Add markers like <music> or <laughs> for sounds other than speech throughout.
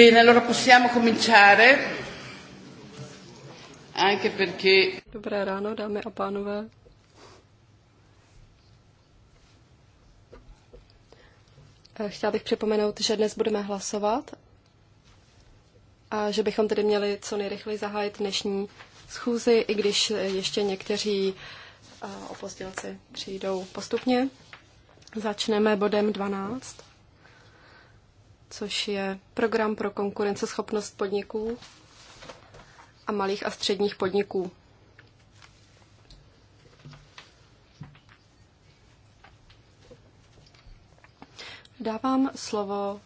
Bene, allora possiamo cominciare. Anche perché... Dobré ráno, dámy a pánové. Eh, chtěla bych připomenout, že dnes budeme hlasovat a že bychom tedy měli co nejrychleji zahájit dnešní schůzi, i když ještě někteří eh, opozdělci přijdou postupně. Začneme bodem 12 což je program pro konkurenceschopnost podniků a malých a středních podniků. Dávám slovo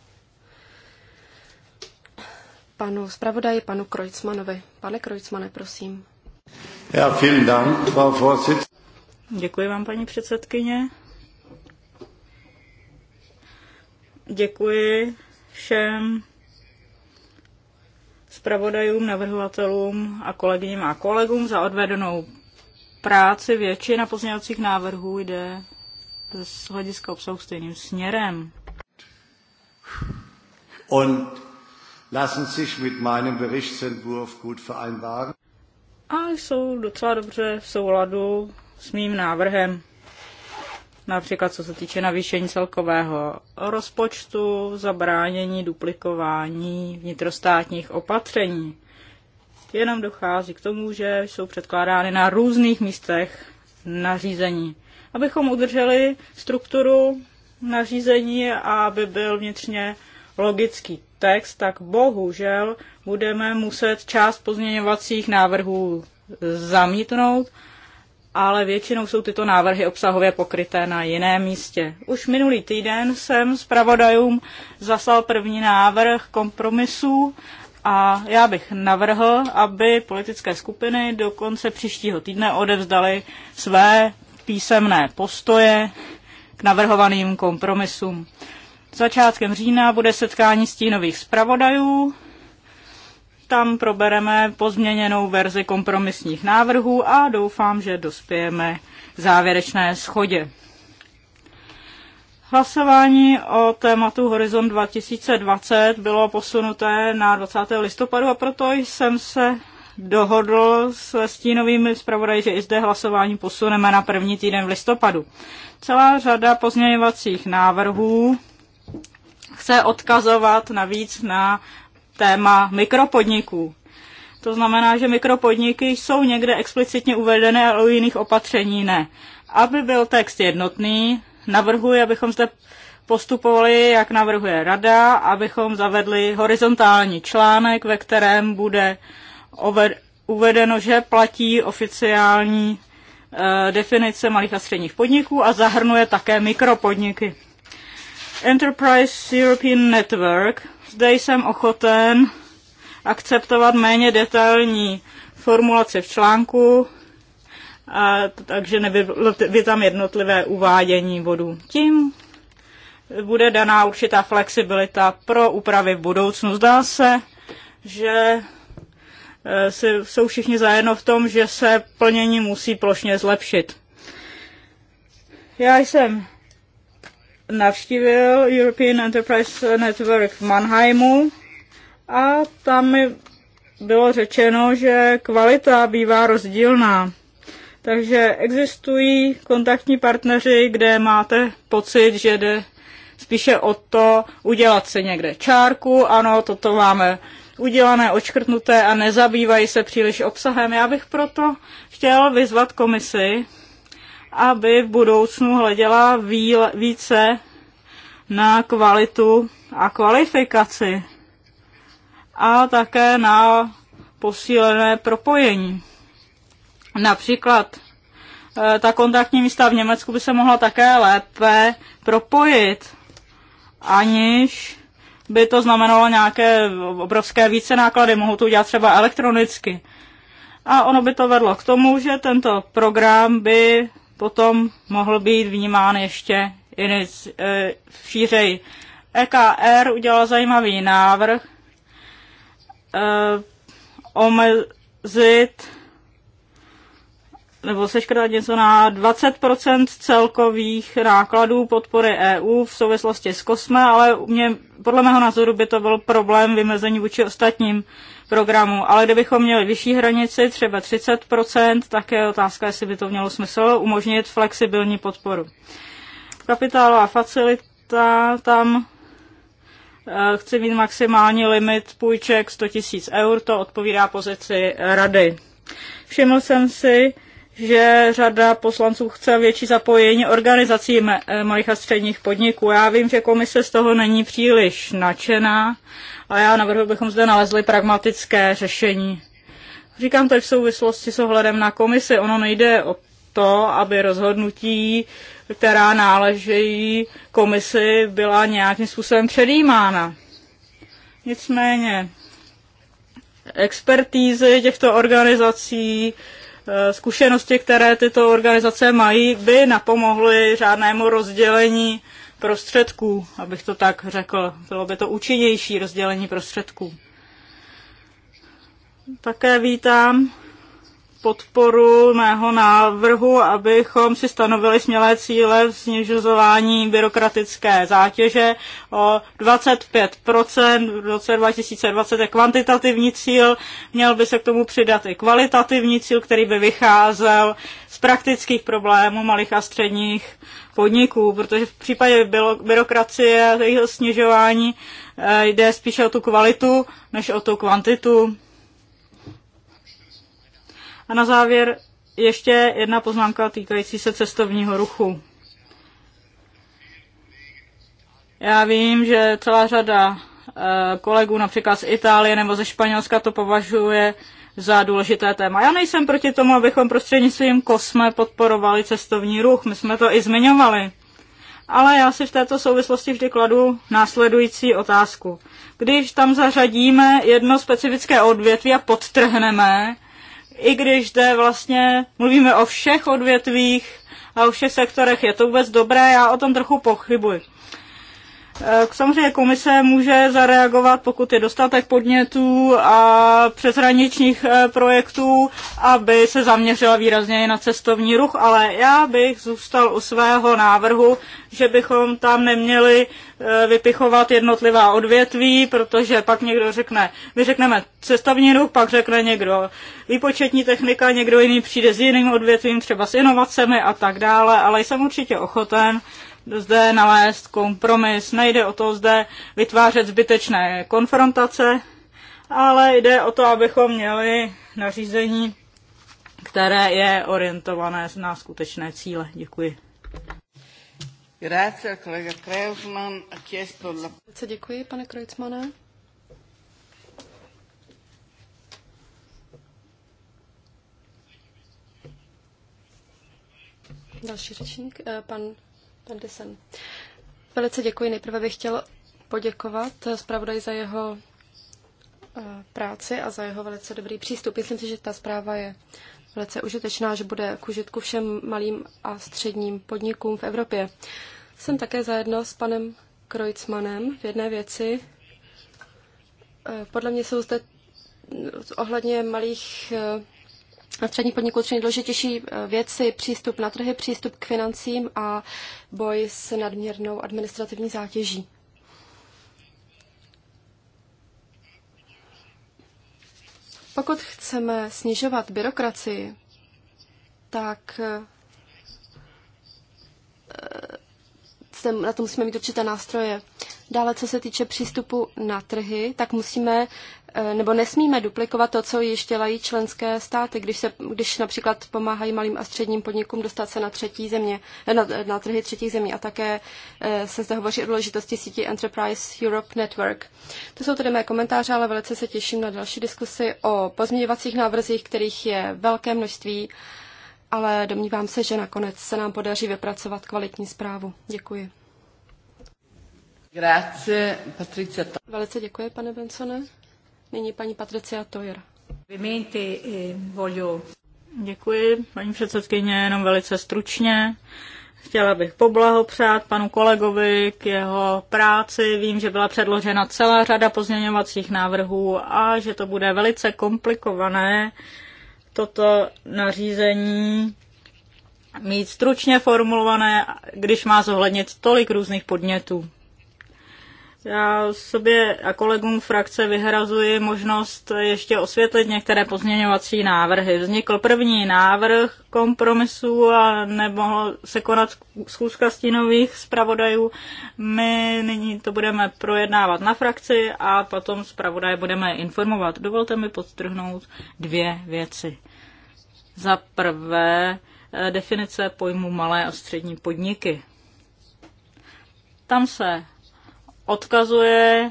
panu zpravodaji, panu Krojcmanovi. Pane Krojcmane, prosím. Já vielen Dank, Frau Děkuji vám, paní předsedkyně. Děkuji všem zpravodajům, navrhovatelům a kolegyním a kolegům za odvedenou práci. Většina pozměňovacích návrhů jde z hlediska obsahu stejným směrem. Und lassen sich mit meinem Berichtsentwurf gut vereinbaren? A jsou docela dobře v souladu s mým návrhem například co se týče navýšení celkového rozpočtu, zabránění duplikování vnitrostátních opatření. Jenom dochází k tomu, že jsou předkládány na různých místech nařízení. Abychom udrželi strukturu nařízení a aby byl vnitřně logický text, tak bohužel budeme muset část pozměňovacích návrhů zamítnout ale většinou jsou tyto návrhy obsahově pokryté na jiném místě. Už minulý týden jsem s pravodajům zaslal první návrh kompromisů a já bych navrhl, aby politické skupiny do konce příštího týdne odevzdaly své písemné postoje k navrhovaným kompromisům. Začátkem října bude setkání stínových zpravodajů tam probereme pozměněnou verzi kompromisních návrhů a doufám, že dospějeme k závěrečné schodě. Hlasování o tématu Horizon 2020 bylo posunuté na 20. listopadu a proto jsem se dohodl se stínovými zpravodaji, že i zde hlasování posuneme na první týden v listopadu. Celá řada pozměňovacích návrhů chce odkazovat navíc na téma mikropodniků. To znamená, že mikropodniky jsou někde explicitně uvedené, ale u jiných opatření ne. Aby byl text jednotný, navrhuji, abychom zde postupovali, jak navrhuje rada, abychom zavedli horizontální článek, ve kterém bude uvedeno, že platí oficiální eh, definice malých a středních podniků a zahrnuje také mikropodniky. Enterprise European Network zde jsem ochoten akceptovat méně detailní formulace v článku, a, takže nebylo by tam jednotlivé uvádění bodů. Tím bude daná určitá flexibilita pro úpravy v budoucnu. Zdá se, že e, si, jsou všichni zajedno v tom, že se plnění musí plošně zlepšit. Já jsem navštívil European Enterprise Network v Mannheimu a tam mi bylo řečeno, že kvalita bývá rozdílná. Takže existují kontaktní partneři, kde máte pocit, že jde spíše o to udělat si někde čárku, ano, toto máme udělané, očkrtnuté a nezabývají se příliš obsahem. Já bych proto chtěl vyzvat komisi, aby v budoucnu hleděla více na kvalitu a kvalifikaci a také na posílené propojení. Například eh, ta kontaktní místa v Německu by se mohla také lépe propojit, aniž by to znamenalo nějaké obrovské více náklady, mohou to udělat třeba elektronicky. A ono by to vedlo k tomu, že tento program by potom mohl být vnímán ještě inic, e, šířej. EKR udělal zajímavý návrh e, omezit nebo seškrtat něco na 20% celkových nákladů podpory EU v souvislosti s kosme, ale mě, podle mého názoru by to byl problém vymezení vůči ostatním Programu, Ale kdybychom měli vyšší hranici, třeba 30%, tak je otázka, jestli by to mělo smysl umožnit flexibilní podporu. Kapitálová facilita tam eh, chci mít maximální limit půjček 100 000 eur, to odpovídá pozici rady. Všiml jsem si, že řada poslanců chce větší zapojení organizací eh, malých a středních podniků. Já vím, že komise z toho není příliš nadšená, a já navrhuji, bychom zde nalezli pragmatické řešení. Říkám to v souvislosti s ohledem na komisi. Ono nejde o to, aby rozhodnutí, která náležejí komisi, byla nějakým způsobem předjímána. Nicméně expertízy těchto organizací, eh, zkušenosti, které tyto organizace mají, by napomohly řádnému rozdělení prostředků, abych to tak řekl. Bylo by to účinnější rozdělení prostředků. Také vítám podporu mého návrhu, abychom si stanovili smělé cíle v snižování byrokratické zátěže o 25 v roce 2020 je kvantitativní cíl, měl by se k tomu přidat i kvalitativní cíl, který by vycházel z praktických problémů malých a středních podniků, protože v případě byrokracie a jejího snižování eh, jde spíše o tu kvalitu než o tu kvantitu a na závěr ještě jedna poznámka týkající se cestovního ruchu. Já vím, že celá řada eh, kolegů například z Itálie nebo ze Španělska to považuje za důležité téma. Já nejsem proti tomu, abychom prostřednictvím kosme podporovali cestovní ruch. My jsme to i zmiňovali. Ale já si v této souvislosti vždy kladu následující otázku. Když tam zařadíme jedno specifické odvětví a podtrhneme, i když jde vlastně mluvíme o všech odvětvích a o všech sektorech, je to vůbec dobré, já o tom trochu pochybuji. Eh, samozřejmě komise může zareagovat, pokud je dostatek podnětů a přeshraničních eh, projektů, aby se zaměřila výrazně na cestovní ruch, ale já bych zůstal u svého návrhu, že bychom tam neměli eh, vypichovat jednotlivá odvětví, protože pak někdo řekne, my řekneme cestovní ruch, pak řekne někdo výpočetní technika, někdo jiný přijde s jiným odvětvím, třeba s inovacemi a tak dále, ale jsem určitě ochoten zde nalézt kompromis. Nejde o to zde vytvářet zbytečné konfrontace, ale jde o to, abychom měli nařízení, které je orientované na skutečné cíle. Děkuji. Grazie, kolega Kreuzmann. Děkuji, pane Kreuzmane. Další řečník, eh, pan jsem. Velice děkuji. Nejprve bych chtěl poděkovat zpravodaj za jeho eh, práci a za jeho velice dobrý přístup. Myslím si, že ta zpráva je velice užitečná, že bude k užitku všem malým a středním podnikům v Evropě. Jsem také zajedno s panem Krojcmanem v jedné věci. Eh, podle mě jsou zde eh, ohledně malých a střední podniku tři nejdůležitější eh, věci, přístup na trhy, přístup k financím a boj s nadměrnou administrativní zátěží. Pokud chceme snižovat byrokracii, tak eh, eh, na to musíme mít určité nástroje. Dále, co se týče přístupu na trhy, tak musíme Eh, nebo nesmíme duplikovat to, co již dělají členské státy, když, se, když například pomáhají malým a středním podnikům dostat se na, třetí země, eh, na, na trhy třetích zemí a také eh, se zde hovoří o důležitosti sítí Enterprise Europe Network. To jsou tedy mé komentáře, ale velice se těším na další diskusy o pozměňovacích návrzích, kterých je velké množství, ale domnívám se, že nakonec se nám podaří vypracovat kvalitní zprávu. Děkuji. Grazie, Patricia. Velice děkuji, pane Bensone. Nyní paní Patricia Tojer. Eh, Děkuji, paní předsedkyně, jenom velice stručně. Chtěla bych poblahopřát panu kolegovi k jeho práci. Vím, že byla předložena celá řada pozměňovacích návrhů a že to bude velice komplikované toto nařízení mít stručně formulované, když má zohlednit tolik různých podnětů. Já sobě a kolegům frakce vyhrazuji možnost ještě osvětlit některé pozměňovací návrhy. Vznikl první návrh kompromisu a nemohlo se konat schůzka stínových zpravodajů. My nyní to budeme projednávat na frakci a potom zpravodaje budeme informovat. Dovolte mi podtrhnout dvě věci. Za prvé eh, definice pojmu malé a střední podniky. Tam se odkazuje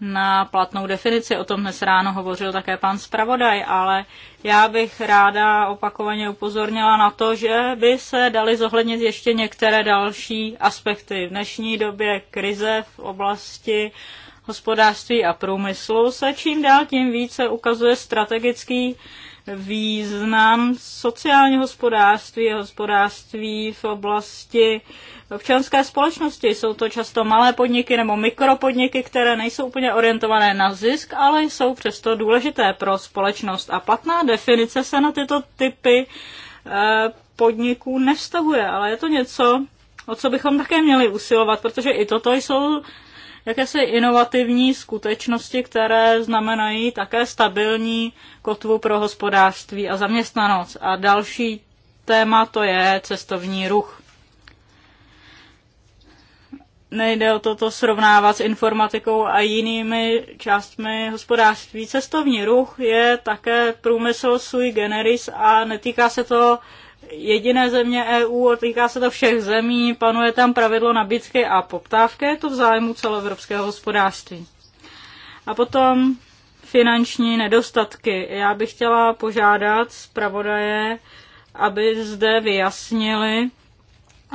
na platnou definici. O tom dnes ráno hovořil také pan zpravodaj, ale já bych ráda opakovaně upozornila na to, že by se daly zohlednit ještě některé další aspekty. V dnešní době krize v oblasti hospodářství a průmyslu se čím dál tím více ukazuje strategický význam sociálního hospodářství a hospodářství v oblasti občanské společnosti. Jsou to často malé podniky nebo mikropodniky, které nejsou úplně orientované na zisk, ale jsou přesto důležité pro společnost. A platná definice se na tyto typy eh, podniků nevztahuje, ale je to něco, o co bychom také měli usilovat, protože i toto jsou jakési inovativní skutečnosti, které znamenají také stabilní kotvu pro hospodářství a zaměstnanost. A další téma to je cestovní ruch. Nejde o toto srovnávat s informatikou a jinými částmi hospodářství. Cestovní ruch je také průmysl sui generis a netýká se to jediné země EU, a týká se to všech zemí, panuje tam pravidlo nabídky a poptávky, je to v zájmu celoevropského hospodářství. A potom finanční nedostatky. Já bych chtěla požádat zpravodaje, aby zde vyjasnili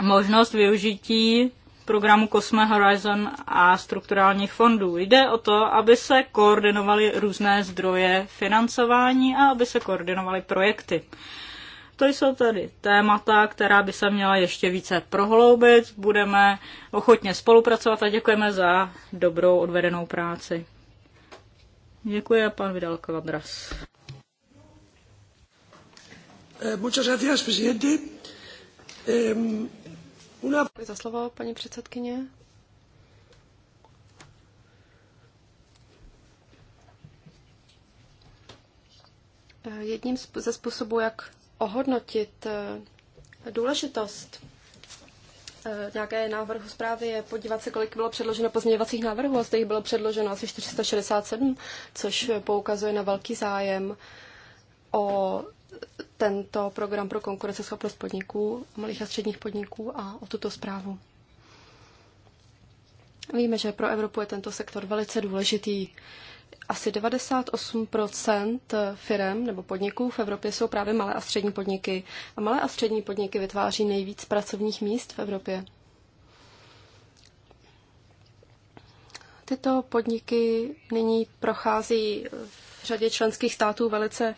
možnost využití programu Cosme Horizon a strukturálních fondů. Jde o to, aby se koordinovaly různé zdroje financování a aby se koordinovaly projekty. To jsou tedy témata, která by se měla ještě více prohloubit. Budeme ochotně spolupracovat a děkujeme za dobrou odvedenou práci. Děkuji a pan Vidal Kvadras. Eh, muchas gracias, presidente. Una... Za slovo, paní předsedkyně. Eh, jedním ze způsobů, jak ohodnotit eh, důležitost eh, nějaké návrhu zprávy je podívat se, kolik bylo předloženo pozměňovacích návrhů a zde jich bylo předloženo asi 467, což eh, poukazuje na velký zájem o tento program pro konkurenceschopnost podniků, malých a středních podniků a o tuto zprávu. Víme, že pro Evropu je tento sektor velice důležitý asi 98% firm nebo podniků v Evropě jsou právě malé a střední podniky. A malé a střední podniky vytváří nejvíc pracovních míst v Evropě. Tyto podniky nyní prochází v řadě členských států velice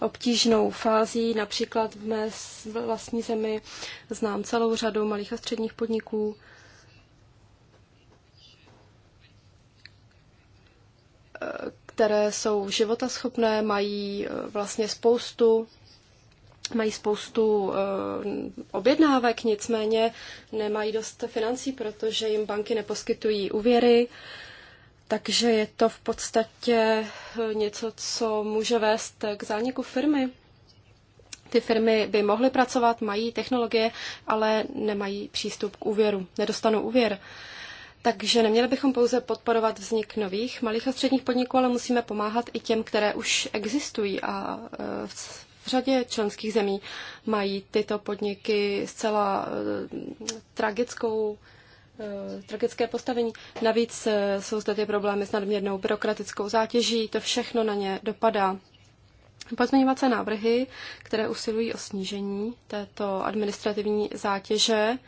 obtížnou fází. Například v mé vlastní zemi znám celou řadu malých a středních podniků, které jsou životaschopné, mají eh, vlastně spoustu mají spoustu eh, objednávek, nicméně nemají dost financí, protože jim banky neposkytují úvěry, takže je to v podstatě eh, něco, co může vést k zániku firmy. Ty firmy by mohly pracovat, mají technologie, ale nemají přístup k úvěru, nedostanou úvěr. Uh, takže neměli bychom pouze podporovat vznik nových malých a středních podniků, ale musíme pomáhat i těm, které už existují a e, v řadě členských zemí mají tyto podniky zcela e, tragickou e, tragické postavení. Navíc jsou zde ty problémy s nadměrnou byrokratickou zátěží, to všechno na ně dopadá. Pozměňovací návrhy, které usilují o snížení této administrativní zátěže,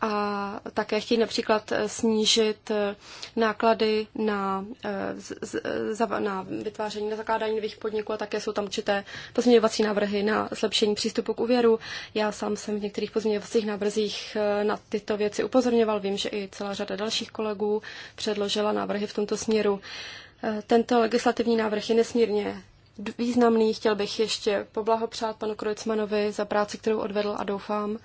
a také chtějí například eh, snížit eh, náklady na, eh, na vytváření, na zakládání nových podniků a také jsou tam určité pozměňovací návrhy na zlepšení přístupu k úvěru. Já sám jsem v některých pozměňovacích návrzích na tyto věci upozorňoval. Vím, že i celá řada dalších kolegů předložila návrhy v tomto směru. Tento legislativní návrh je nesmírně významný. Chtěl bych ještě poblahopřát panu Krojcmanovi za práci, kterou odvedl a doufám,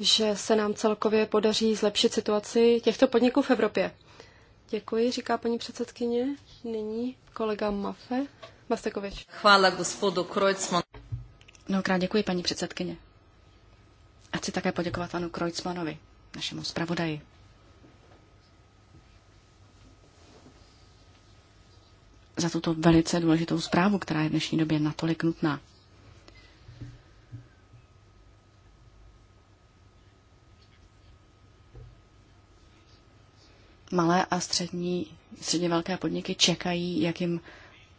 že se nám celkově podaří zlepšit situaci těchto podniků v Evropě. Děkuji, říká paní předsedkyně. Nyní kolega Mafe Mastekovič. Chvála gospodu Krojcman. krát děkuji, paní předsedkyně. A chci také poděkovat panu Krojcmanovi, našemu zpravodaji. Za tuto velice důležitou zprávu, která je v dnešní době natolik nutná. malé a střední, středně velké podniky čekají, jak jim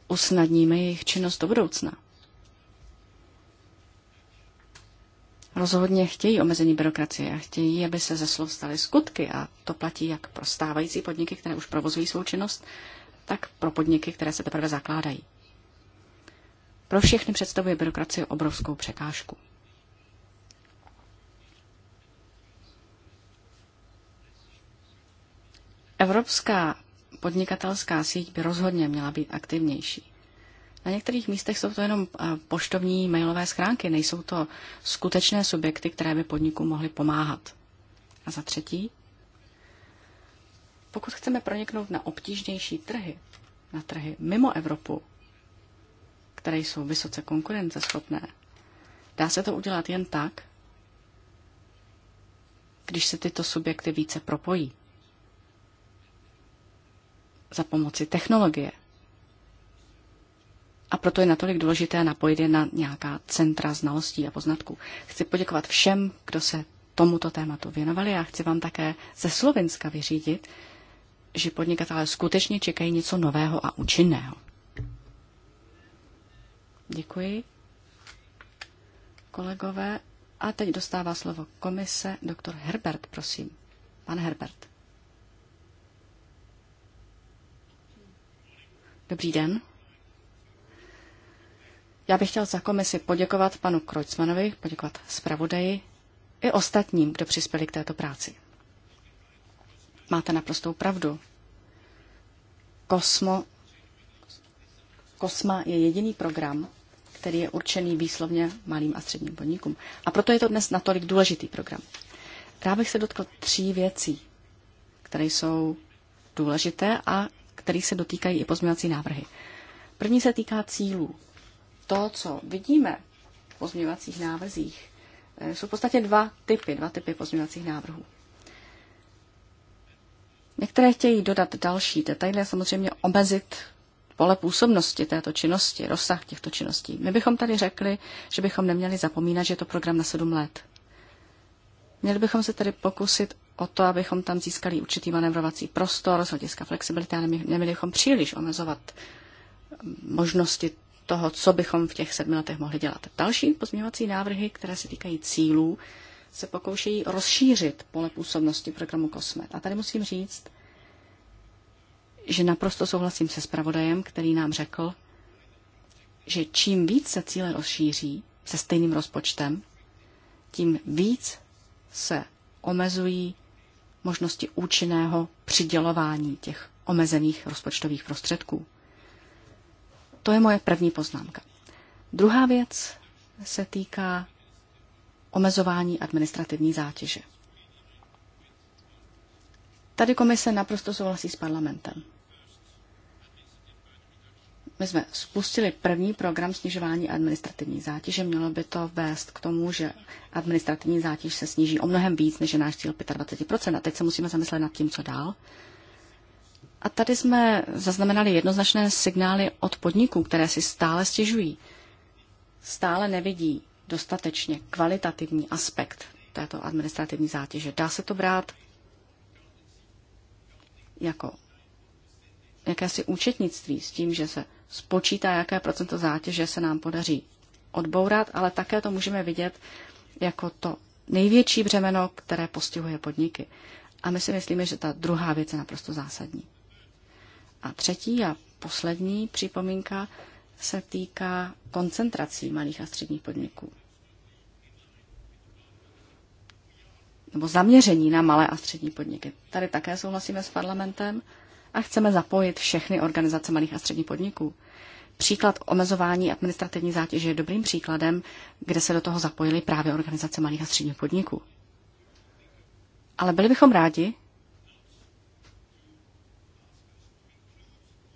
usnadníme jejich činnost do budoucna. Rozhodně chtějí omezení byrokracie a chtějí, aby se ze slov staly skutky a to platí jak pro stávající podniky, které už provozují svou činnost, tak pro podniky, které se teprve zakládají. Pro všechny představuje byrokracie obrovskou překážku. Evropská podnikatelská síť by rozhodně měla být aktivnější. Na některých místech jsou to jenom eh, poštovní mailové schránky, nejsou to skutečné subjekty, které by podniku mohly pomáhat. A za třetí, pokud chceme proniknout na obtížnější trhy, na trhy mimo Evropu, které jsou vysoce konkurenceschopné, dá se to udělat jen tak, když se tyto subjekty více propojí za pomoci technologie. A proto je natolik důležité napojit je na nějaká centra znalostí a poznatků. Chci poděkovat všem, kdo se tomuto tématu věnovali a chci vám také ze Slovenska vyřídit, že podnikatelé skutečně čekají něco nového a účinného. Děkuji, kolegové. A teď dostává slovo komise doktor Herbert, prosím. Pan Herbert. Dobrý den. Já bych chtěl za komisi poděkovat panu Kreutzmanovi, poděkovat zpravodaji i ostatním, kdo přispěli k této práci. Máte naprostou pravdu. Kosmo, Kosma je jediný program, který je určený výslovně malým a středním podnikům. A proto je to dnes natolik důležitý program. Rád bych se dotkl tří věcí, které jsou důležité a kterých se dotýkají i pozměňovací návrhy. První se týká cílů. To, co vidíme v pozměňovacích návrzích, eh, jsou v podstatě dva typy, dva typy pozměňovacích návrhů. Některé chtějí dodat další detaily a samozřejmě omezit pole působnosti této činnosti, rozsah těchto činností. My bychom tady řekli, že bychom neměli zapomínat, že je to program na sedm let. Měli bychom se tedy pokusit o to, abychom tam získali určitý manevrovací prostor z hlediska flexibility a neměli bychom příliš omezovat možnosti toho, co bychom v těch sedmi letech mohli dělat. Další pozměňovací návrhy, které se týkají cílů, se pokoušejí rozšířit pole působnosti programu Kosmet. A tady musím říct, že naprosto souhlasím se spravodajem, který nám řekl, že čím víc se cíle rozšíří se stejným rozpočtem, tím víc se omezují možnosti účinného přidělování těch omezených rozpočtových prostředků. To je moje první poznámka. Druhá věc se týká omezování administrativní zátěže. Tady komise naprosto souhlasí s parlamentem. My jsme spustili první program snižování administrativní zátěže. Mělo by to vést k tomu, že administrativní zátěž se sníží o mnohem víc, než je náš cíl 25%. A teď se musíme zamyslet nad tím, co dál. A tady jsme zaznamenali jednoznačné signály od podniků, které si stále stěžují. Stále nevidí dostatečně kvalitativní aspekt této administrativní zátěže. Dá se to brát jako jakési účetnictví s tím, že se spočítá, jaké procento zátěže se nám podaří odbourat, ale také to můžeme vidět jako to největší břemeno, které postihuje podniky. A my si myslíme, že ta druhá věc je naprosto zásadní. A třetí a poslední připomínka se týká koncentrací malých a středních podniků. Nebo zaměření na malé a střední podniky. Tady také souhlasíme s parlamentem a chceme zapojit všechny organizace malých a středních podniků. Příklad omezování administrativní zátěže je dobrým příkladem, kde se do toho zapojily právě organizace malých a středních podniků. Ale byli bychom rádi,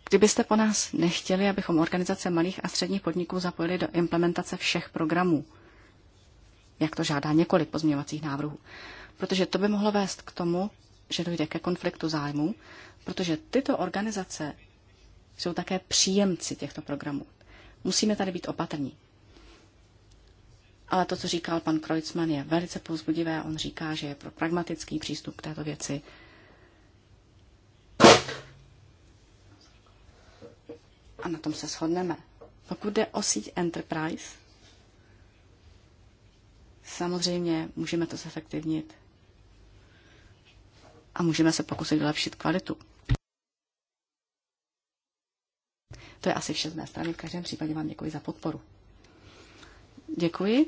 kdybyste po nás nechtěli, abychom organizace malých a středních podniků zapojili do implementace všech programů, jak to žádá několik pozměňovacích návrhů. Protože to by mohlo vést k tomu, že dojde ke konfliktu zájmu, protože tyto organizace jsou také příjemci těchto programů. Musíme tady být opatrní. Ale to, co říkal pan Kreutzmann, je velice pouzbudivé. On říká, že je pro pragmatický přístup k této věci. A na tom se shodneme. Pokud jde o síť Enterprise, samozřejmě můžeme to zefektivnit a můžeme se pokusit vylepšit kvalitu. To je asi vše z mé strany. V každém případě vám děkuji za podporu. Děkuji.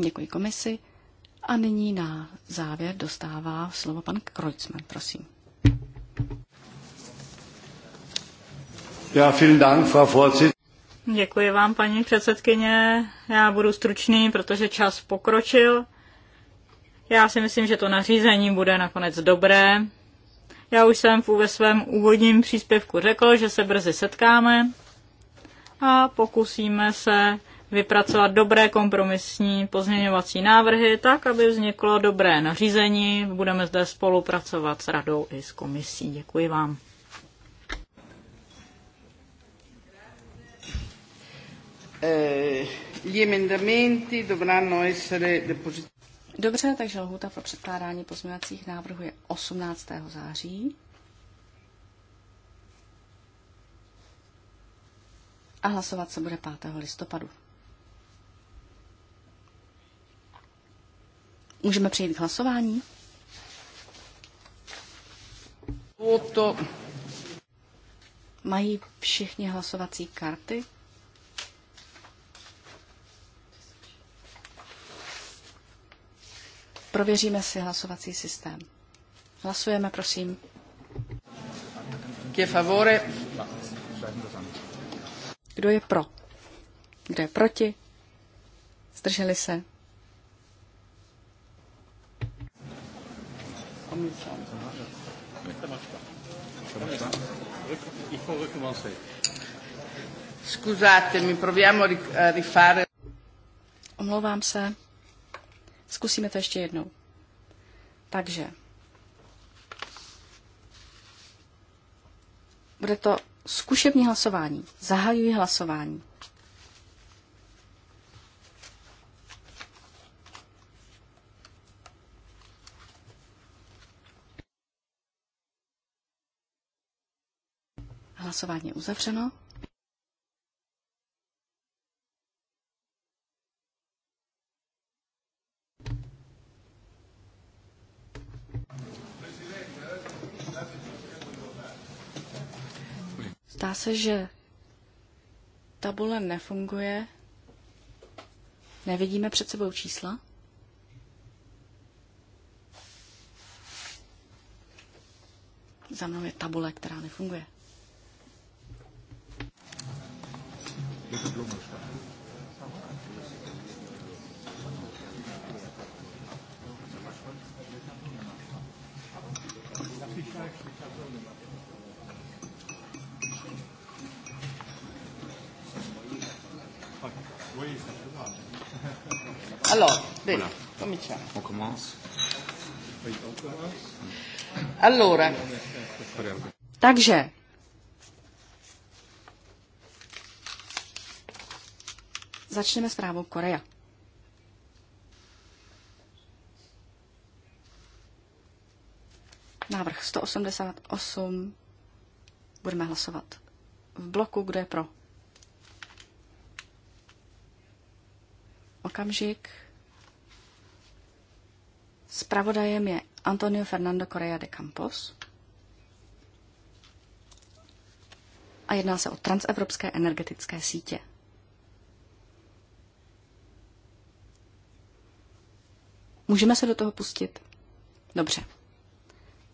Děkuji komisi. A nyní na závěr dostává slovo pan Kreuzmann, prosím. Ja, vielen Dank, Frau Vorsitz. Děkuji vám, paní předsedkyně. Já budu stručný, protože čas pokročil. Já si myslím, že to nařízení bude nakonec dobré. Já už jsem ve svém úvodním příspěvku řekl, že se brzy setkáme a pokusíme se vypracovat dobré kompromisní pozměňovací návrhy, tak, aby vzniklo dobré nařízení. Budeme zde spolupracovat s radou i s komisí. Děkuji vám. Eh, gli emendamenti dovranno essere depositati. Dobře, takže lhůta pro předkládání pozměňovacích návrhů je 18. září. A hlasovat se bude 5. listopadu. Můžeme přejít k hlasování? Mají všichni hlasovací karty? Prověříme si hlasovací systém. Hlasujeme, prosím. Kdo je pro? Kdo je proti? Zdrželi se? Scusatemi, proviamo a rifare. Omlouvám se. Zkusíme to ještě jednou. Takže bude to zkušební hlasování. Zahajuji hlasování. Hlasování je uzavřeno. se, že tabule nefunguje. Nevidíme před sebou čísla. Za mnou je tabule, která nefunguje. Thank you. Alors, bene, cominciamo. On commence. Allora. Takže. Začneme s právou Korea. Návrh 188. Budeme hlasovat v bloku, kdo je pro. okamžik. Spravodajem je Antonio Fernando Correa de Campos a jedná se o transevropské energetické sítě. Můžeme se do toho pustit? Dobře.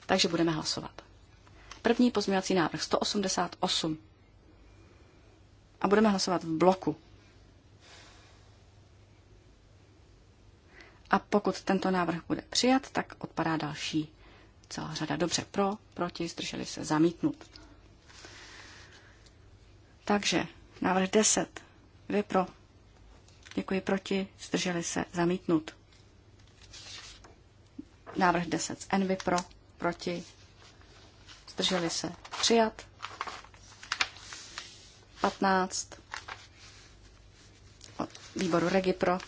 Takže budeme hlasovat. První pozměňovací návrh 188. A budeme hlasovat v bloku A pokud tento návrh bude přijat, tak odpadá další celá řada. Dobře, pro, proti, zdrželi se, zamítnut. Takže návrh 10. Vy pro. Děkuji proti, zdrželi se, zamítnut. Návrh 10 z Envy pro, proti, zdrželi se, přijat. 15 od výboru Regi pro,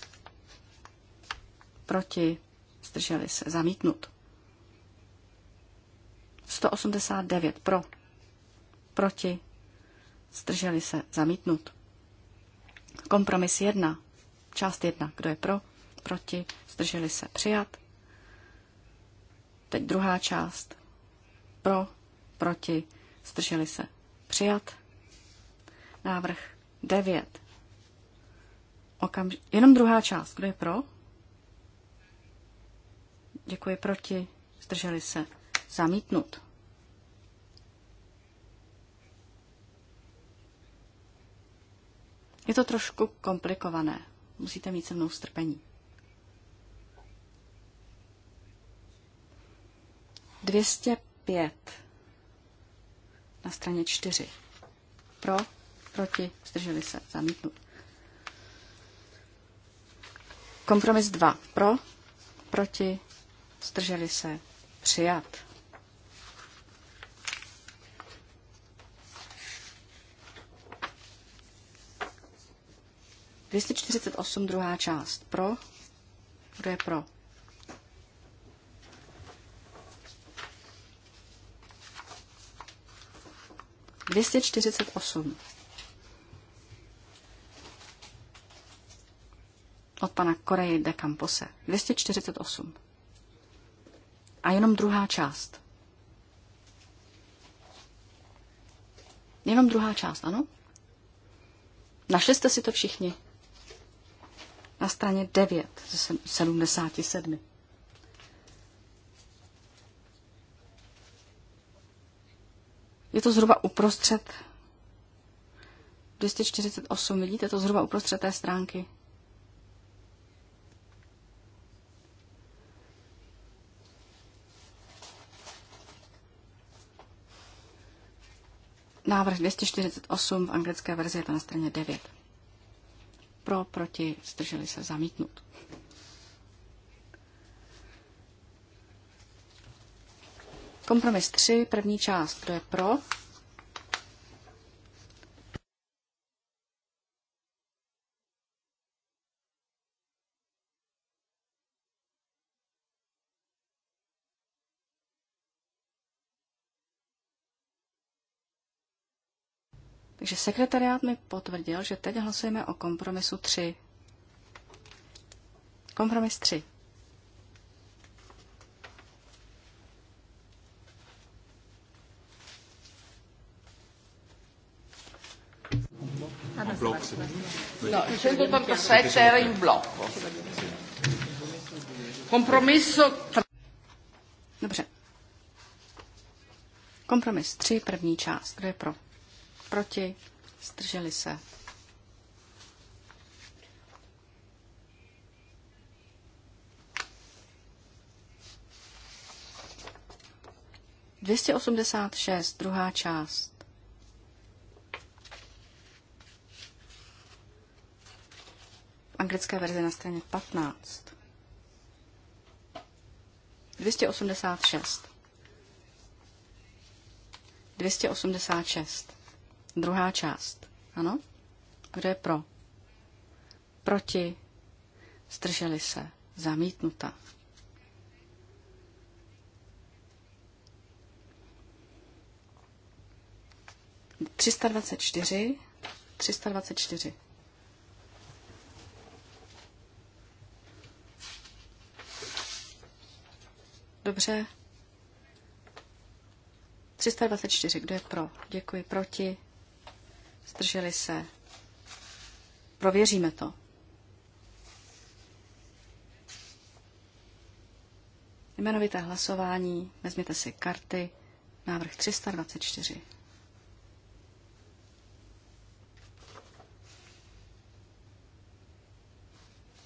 proti, zdrželi se, zamítnut. 189 pro, proti, zdrželi se, zamítnut. Kompromis 1, část 1, kdo je pro, proti, zdrželi se, přijat. Teď druhá část, pro, proti, zdrželi se, přijat. Návrh 9. Okamž- Jenom druhá část, kdo je pro, Děkuji proti. Zdrželi se. Zamítnut. Je to trošku komplikované. Musíte mít se mnou strpení. pět na straně čtyři. Pro, proti, zdrželi se, zamítnut. Kompromis dva. Pro, proti, Zdrželi se. Přijat. Dvěstě čtyřicet osm druhá část. Pro? Kdo je pro? Dvěstě čtyřicet osm. Od pana Koreje de Campose. 248. A jenom druhá část. Jenom druhá část, ano? Našli jste si to všichni? Na straně 9 ze 77. Je to zhruba uprostřed 248, vidíte to zhruba uprostřed té stránky. Návrh 248 v anglické verzi je to na straně 9. Pro, proti, zdrželi se zamítnout. Kompromis 3, první část, kdo je pro, Takže sekretariát mi potvrdil, že teď hlasujeme o kompromisu 3. Kompromis 3. No, il 187 era in blocco. Compromesso 3. Dobře. Kompromis 3, první část. Kdo je pro? Proti? Zdrželi se. Dvěstě osmdesát šest, druhá část. Anglická verze na straně Dvěstě osmdesát šest. Druhá část. Ano? Kdo je pro? Proti? Zdrželi se. Zamítnuta. Třista dvacet čtyři. Třista dvacet čtyři. Dobře. 324, kdo je pro? Děkuji. Proti? Zdrželi se. Prověříme to. Jmenovité hlasování, vezměte si karty, návrh 324.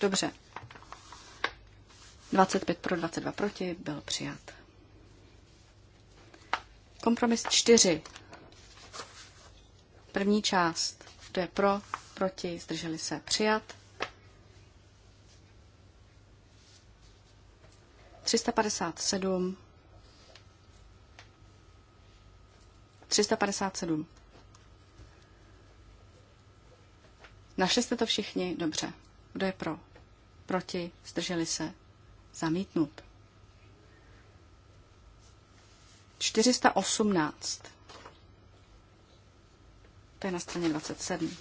Dobře. 25 pro 22 proti byl přijat. Kompromis 4. První část. Kdo je pro, proti, zdrželi se, přijat. 357. 357. Našli jste to všichni? Dobře. Kdo je pro? Proti? Zdrželi se? Zamítnut. 418. To je na straně 27.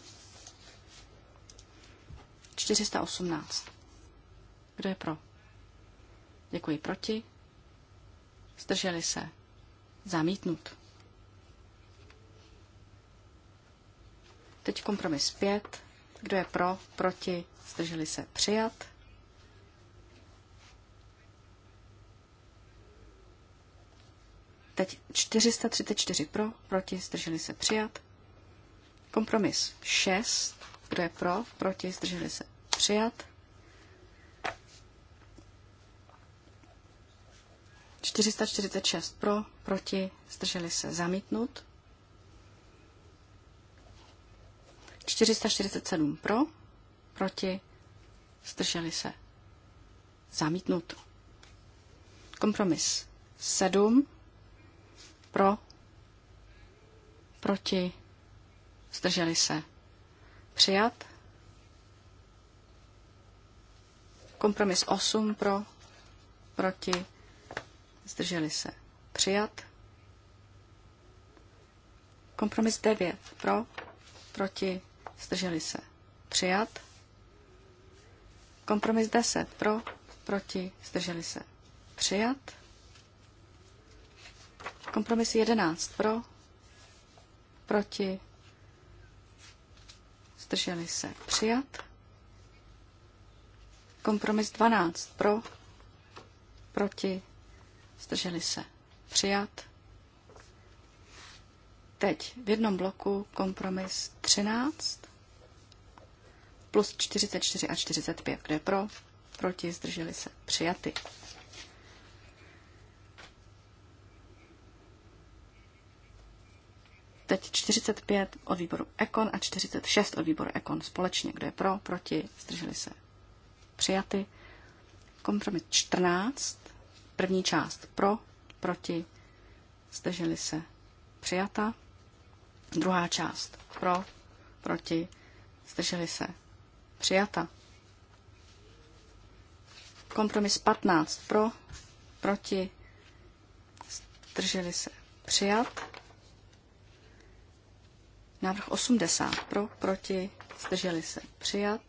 418. Kdo je pro? Děkuji proti. Zdrželi se. Zamítnut. Teď kompromis 5. Kdo je pro, proti, zdrželi se přijat. Teď 434 pro, proti, zdrželi se přijat. Kompromis 6. Kdo je pro? Proti? Zdrželi se? Přijat. 446 pro, proti, zdrželi se zamítnut. 447 pro, proti, zdrželi se zamítnut. Kompromis 7 pro, proti, Zdrželi se. Přijat. Kompromis 8 pro, proti, zdrželi se. Přijat. Kompromis 9 pro, proti, zdrželi se. Přijat. Kompromis 10 pro, proti, zdrželi se. Přijat. Kompromis 11 pro, proti, zdrželi se přijat. Kompromis 12 pro, proti, zdrželi se přijat. Teď v jednom bloku kompromis 13 plus 44 a 45, kde pro, proti, zdrželi se přijaty. Teď 45 od výboru Ekon a 46 od výboru Ekon společně. Kdo je pro, proti, zdrželi se přijaty. Kompromis 14, první část pro, proti, zdrželi se přijata. Druhá část pro, proti, zdrželi se přijata. Kompromis 15 pro, proti, zdrželi se přijat. Návrh 80 pro, proti, zdrželi se přijat.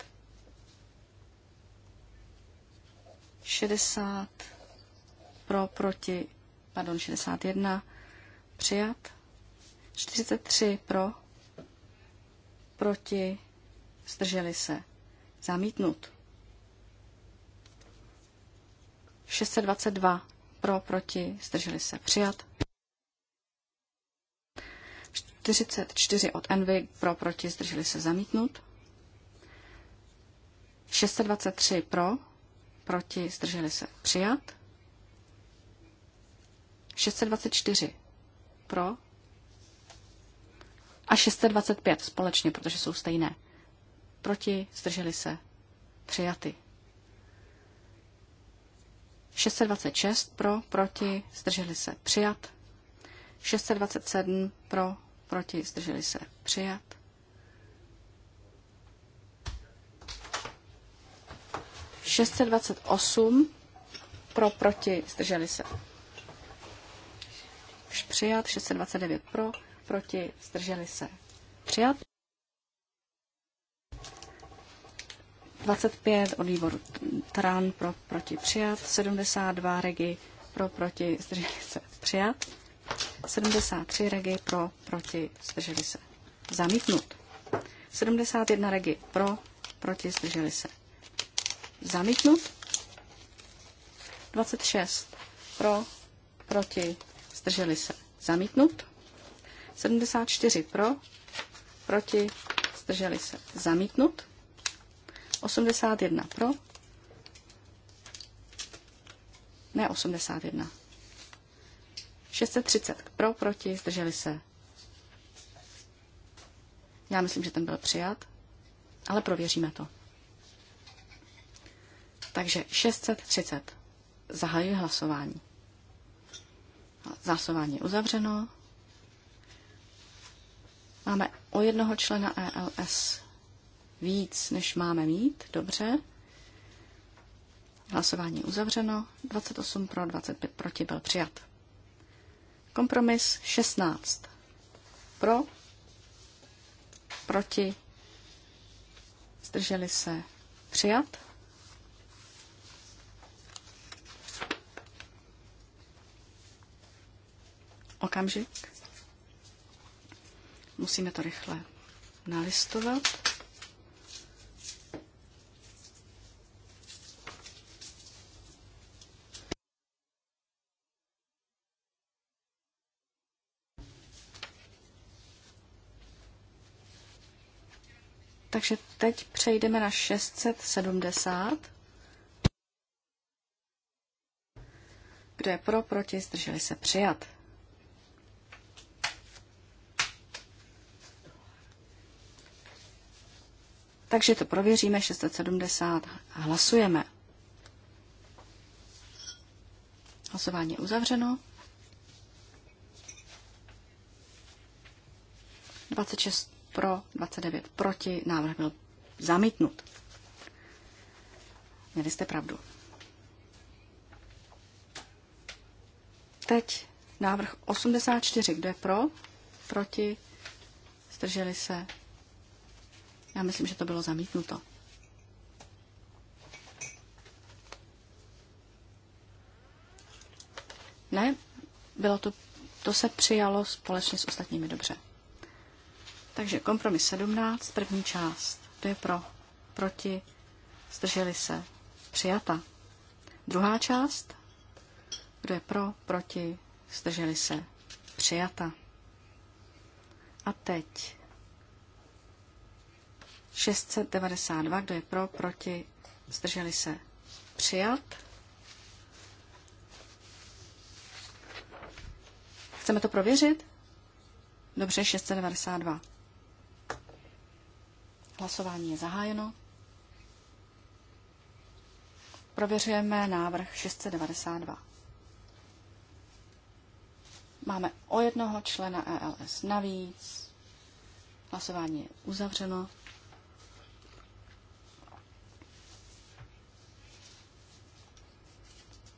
60 pro, proti, pardon, 61 přijat. 43 pro, proti, zdrželi se zamítnut. 622 pro, proti, zdrželi se přijat. 44 od Envy pro, proti, zdrželi se zamítnut. 623 pro, proti, zdrželi se přijat. 624 pro a 625 společně, protože jsou stejné. Proti, zdrželi se přijaty. 626 pro, proti, zdrželi se přijat. 627 pro, proti, zdrželi se, přijat. Šestset dvacet osm, pro, proti, zdrželi se. Přijat, 629 pro, proti, zdrželi se. Přijat. 25 od výboru TRAN pro proti přijat, 72 regi pro proti zdrželi se přijat, 73 regi pro, proti, zdrželi se. Zamítnut. 71 regi pro, proti, zdrželi se. Zamítnut. 26 pro, proti, zdrželi se. Zamítnut. 74 pro, proti, zdrželi se. Zamítnut. 81 pro, ne 81, 630 pro, proti, zdrželi se. Já myslím, že ten byl přijat, ale prověříme to. Takže 630. Zahajuji hlasování. Hlasování je uzavřeno. Máme o jednoho člena ELS víc, než máme mít. Dobře. Hlasování je uzavřeno. 28 pro, 25 proti byl přijat. Kompromis 16. Pro, proti, zdrželi se přijat. Okamžik. Musíme to rychle nalistovat. Takže teď přejdeme na 670. Kdo je pro, proti, zdrželi se přijat. Takže to prověříme, 670 a hlasujeme. Hlasování je uzavřeno. 26 pro, 29 proti, návrh byl zamítnut. Měli jste pravdu. Teď návrh 84, kdo je pro, proti, zdrželi se. Já myslím, že to bylo zamítnuto. Ne, bylo to, to se přijalo společně s ostatními dobře. Takže kompromis 17, první část. To je pro, proti, zdrželi se, přijata. Druhá část, kdo je pro, proti, zdrželi se, přijata. A teď 692, kdo je pro, proti, zdrželi se, přijat. Chceme to prověřit? Dobře, 692. Hlasování je zahájeno. Prověřujeme návrh 692. Máme o jednoho člena ELS navíc. Hlasování je uzavřeno.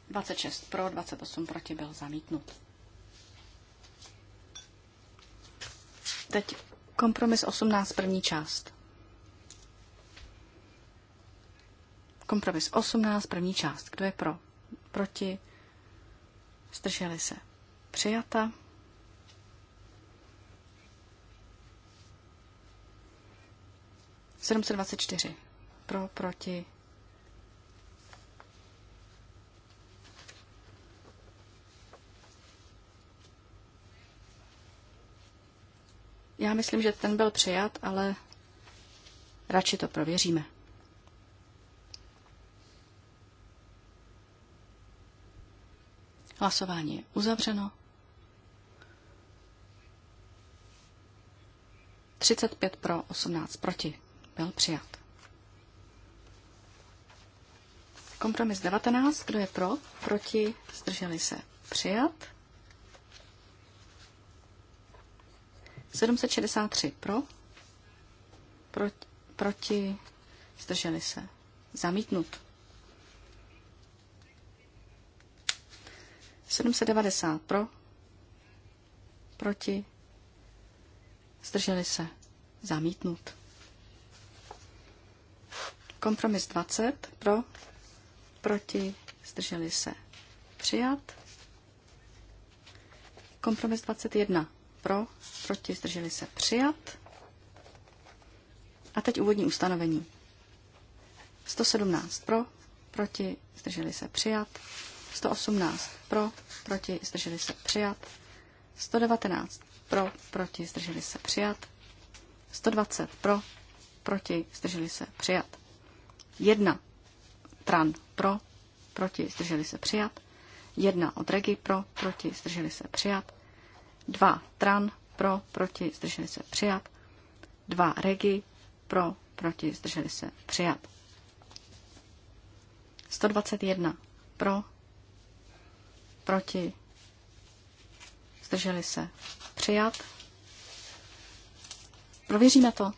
Dvacet šest pro, dvacet osm proti byl zamítnut. Teď kompromis 18 první část. Kompromis 18, první část. Kdo je pro? Proti? Zdrželi se. Přijata. Sedm Pro, proti. Já myslím, že ten byl přijat, ale radši to prověříme. Hlasování je uzavřeno. 35 pro, 18 proti. Byl přijat. Kompromis 19. Kdo je pro? Proti? Zdrželi se. Přijat. 763 pro. Proti? proti zdrželi se. Zamítnut. 790 pro, proti, zdrželi se, zamítnut. Kompromis 20 pro, proti, zdrželi se, přijat. Kompromis 21 pro, proti, zdrželi se, přijat. A teď úvodní ustanovení. 117 pro, proti, zdrželi se, přijat. 118 pro, proti, zdrželi se přijat. 119 pro, proti, zdrželi se přijat. 120 pro, proti, zdrželi se přijat. 1 tran pro, proti, zdrželi se přijat. 1 od regi pro, proti, zdrželi se přijat. 2 tran pro, proti, zdrželi se přijat. 2 regi pro, proti, zdrželi se přijat. 121 pro, Proti. Zdrželi se. Přijat. Prověříme to.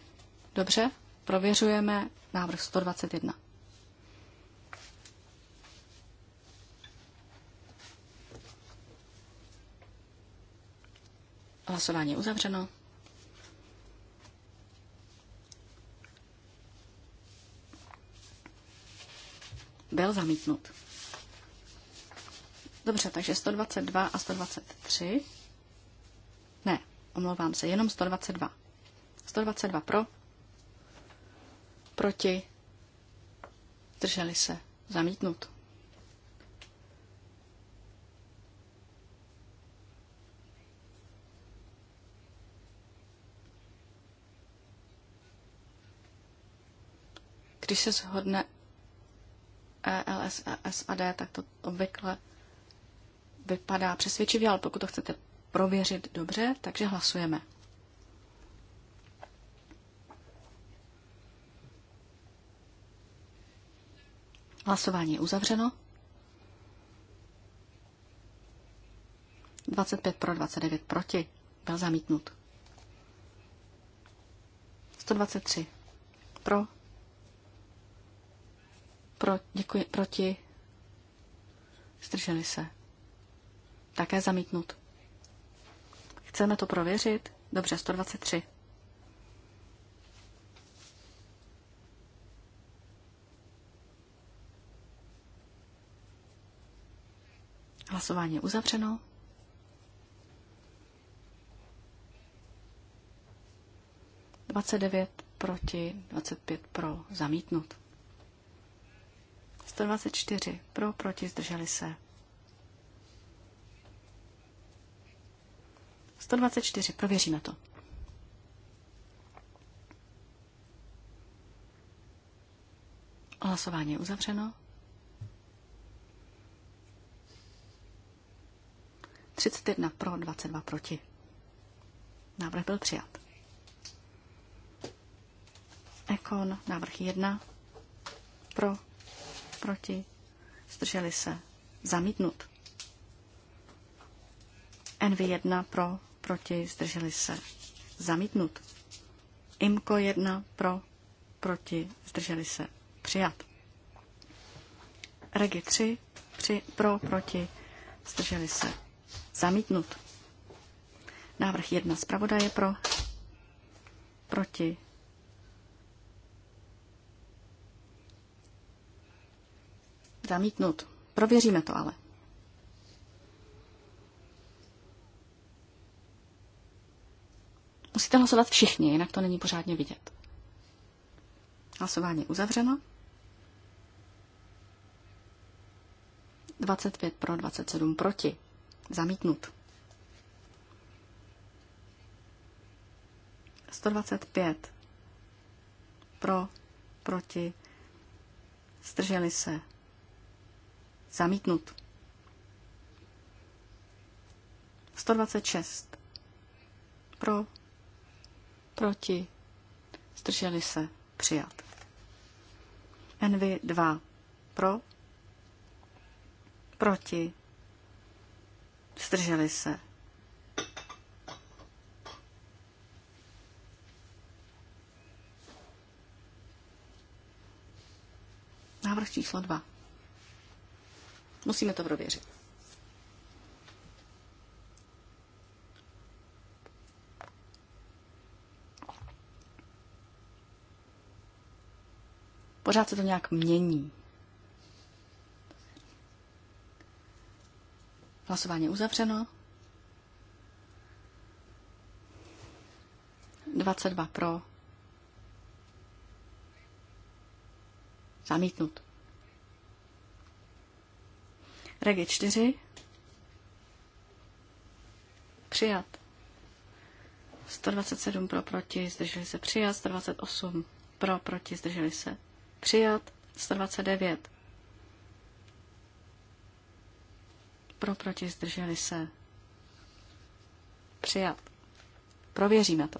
Dobře. Prověřujeme návrh 121. Hlasování je uzavřeno. Byl zamítnut. Dobře, takže 122 a 123. Ne, omlouvám se, jenom 122. 122 pro, proti, drželi se, zamítnut. Když se shodne ELS e a D, tak to obvykle vypadá přesvědčivě, ale pokud to chcete prověřit dobře, takže hlasujeme. Hlasování je uzavřeno. 25 pro, 29 proti. Byl zamítnut. 123 pro. pro děkuji, proti. Zdrželi se. Také zamítnut. Chceme to prověřit? Dobře, 123. Hlasování je uzavřeno. Dvacet devět proti, 25 pro, zamítnut. 124 pro, proti, zdrželi se. 124, prověříme to. Hlasování je uzavřeno. 31 pro, 22 proti. Návrh byl přijat. Ekon, návrh 1, pro, proti, zdrželi se, zamítnut. NV1 pro, proti, zdrželi se, zamítnut. Imko 1 pro, proti, zdrželi se, přijat. Regi 3 při, pro, proti, zdrželi se, zamítnut. Návrh 1 zpravodaje pro, proti, zamítnut. Prověříme to ale. Musíte hlasovat všichni, jinak to není pořádně vidět. Hlasování uzavřeno. 25 pro, 27 proti. Zamítnut. 125 pro, proti, zdrželi se, zamítnut. 126 pro, proti, zdrželi se, přijat. Envy 2, pro, proti, zdrželi se. Návrh číslo 2. Musíme to prověřit. Pořád se to nějak mění. Hlasování uzavřeno. 22 pro. Zamítnut. Regi 4. Přijat. 127 pro proti, zdrželi se přijat, 128 pro proti, zdrželi se Přijat 129. Pro, proti, zdrželi se. Přijat. Prověříme to.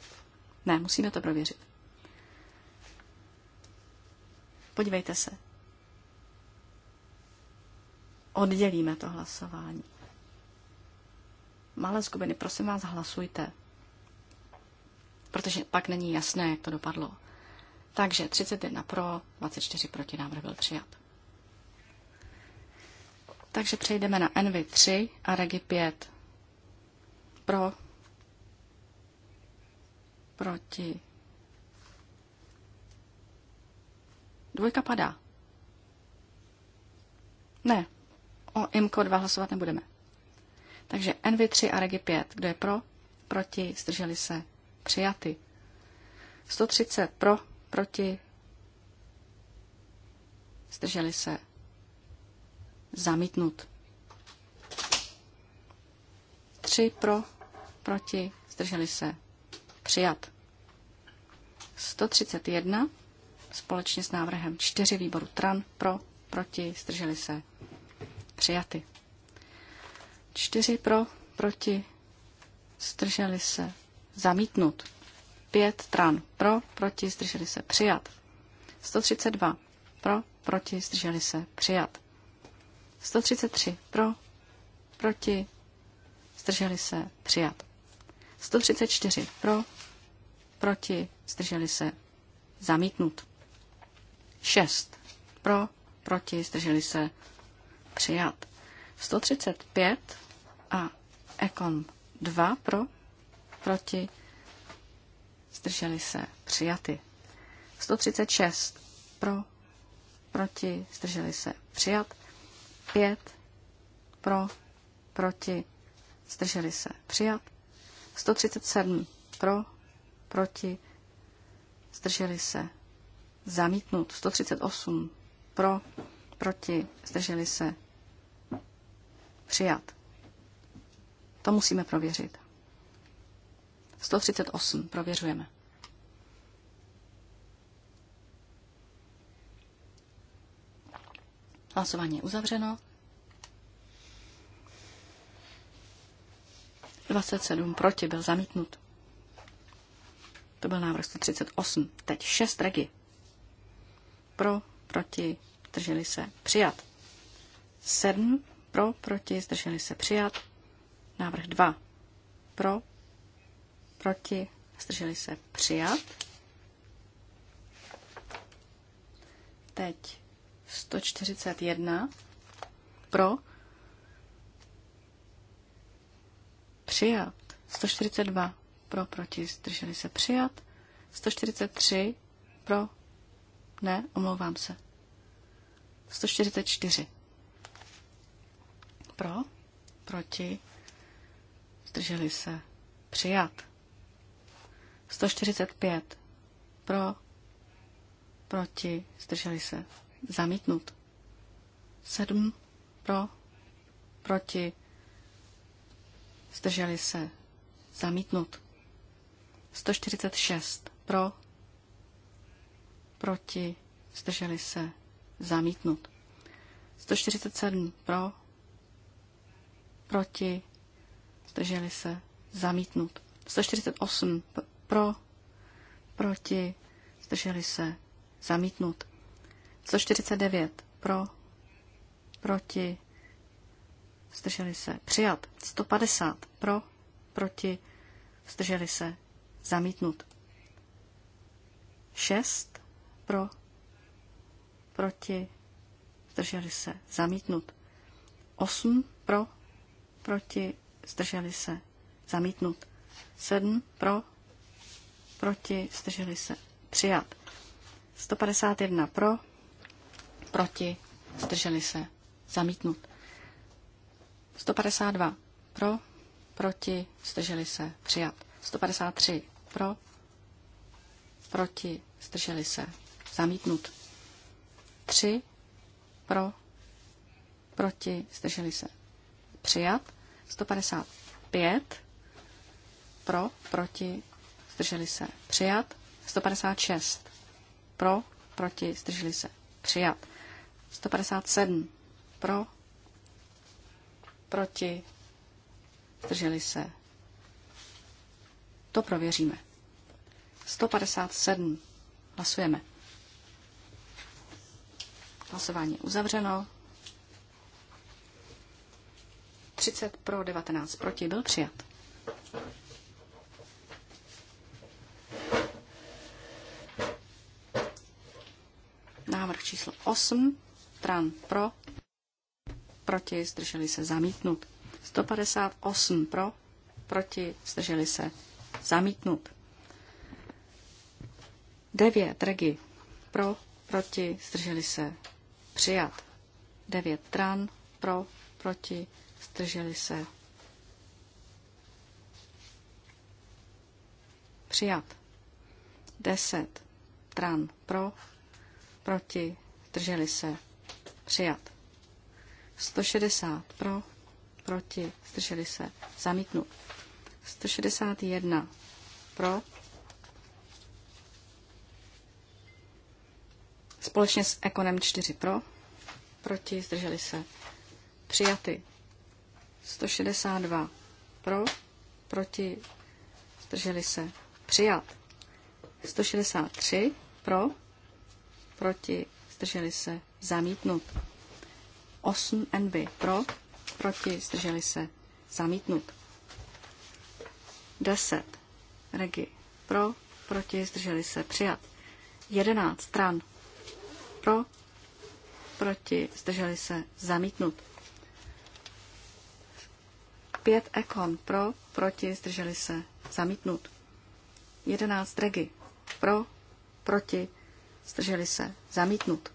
Ne, musíme to prověřit. Podívejte se. Oddělíme to hlasování. Malé skupiny, prosím vás, hlasujte. Protože pak není jasné, jak to dopadlo. Takže 31 pro, 24 proti návrh byl přijat. Takže přejdeme na nv 3 a Regi 5. Pro, proti. Dvojka padá. Ne, o IMCO 2 hlasovat nebudeme. Takže nv 3 a Regi 5. Kdo je pro? Proti, zdrželi se. Přijaty. 130 pro, Proti? Zdrželi se? Zamítnut. Tři pro, proti, zdrželi se. Přijat. 131 společně s návrhem čtyři výboru TRAN pro, proti, zdrželi se. Přijaty. čtyři pro, proti, zdrželi se. Zamítnut. 5 stran pro, proti, zdrželi se přijat. 132 pro, proti, zdrželi se přijat. 133 pro, proti, zdrželi se přijat. 134 pro, proti, zdrželi se zamítnut. 6 pro, proti, zdrželi se přijat. 135 a ekon 2 pro, proti, zdrželi se, přijaty. 136 pro, proti, zdrželi se, přijat. 5 pro, proti, zdrželi se, přijat. 137 pro, proti, zdrželi se, zamítnut. 138 pro, proti, zdrželi se, přijat. To musíme prověřit. 138. Prověřujeme. Hlasování je uzavřeno. 27 proti byl zamítnut. To byl návrh 138. Teď 6 regi. Pro, proti, zdrželi se, přijat. 7 pro, proti, zdrželi se, přijat. Návrh 2 pro, proti, zdrželi se přijat. Teď 141 pro, přijat. 142 pro, proti, zdrželi se přijat. 143 pro, ne, omlouvám se. 144 pro, proti, zdrželi se přijat. 145 pro, proti, zdrželi se, zamítnut. 7 pro, proti, zdrželi se, zamítnut. 146 pro, proti, zdrželi se, zamítnut. 147 pro, proti, zdrželi se, zamítnut. 148 pro, proti, zdrželi se, zamítnut. 149 pro, proti, zdrželi se, přijat. 150 pro, proti, zdrželi se, zamítnut. 6 pro, proti, zdrželi se, zamítnut. 8 pro, proti, zdrželi se, zamítnut. 7 pro, proti, zdrželi se, přijat. 151 pro, proti, zdrželi se, zamítnut. 152 pro, proti, zdrželi se, přijat. 153 pro, proti, zdrželi se, zamítnut. 3 pro, proti, zdrželi se, přijat. 155 pro, proti, zdrželi se, přijat. 156 pro, proti, zdrželi se, přijat. 157 pro, proti, zdrželi se. To prověříme. 157 hlasujeme. Hlasování je uzavřeno. 30 pro, 19 proti byl přijat. Návrh číslo 8. Tran pro. Proti. Zdrželi se zamítnut. 158 pro. Proti. Zdrželi se zamítnut. 9. Regi. Pro. Proti. Zdrželi se přijat. 9. Tran pro. Proti. Zdrželi se přijat. 10. Tran pro, proti, zdrželi se, přijat. 160 pro, proti, zdrželi se, zamítnut. 161 pro, společně s Ekonem 4 pro, proti, zdrželi se, přijaty. 162 pro, proti, zdrželi se, přijat. 163 pro, proti, zdrželi se, zamítnut. 8 NB pro, proti, zdrželi se, zamítnut. 10 Regi pro, proti, zdrželi se, přijat. 11 stran pro, proti, zdrželi se, zamítnut. 5 Ekon pro, proti, zdrželi se, zamítnut. 11 Regi pro, proti, Zdrželi se. Zamítnut.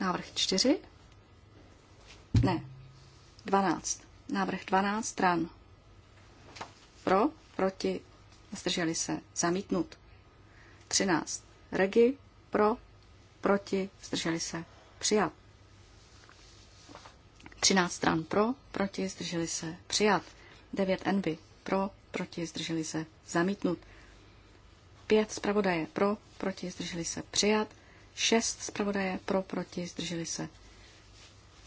Návrh 4? Ne. 12. Návrh 12 stran. Pro, proti, zdrželi se, zamítnut. 13. Regi, pro, proti, zdrželi se, přijat. 13 stran pro, proti, zdrželi se, přijat. 9 nb pro, proti, zdrželi se, zamítnut. Pět zpravodaje pro, proti, zdrželi se, přijat. Šest zpravodaje pro, proti, zdrželi se,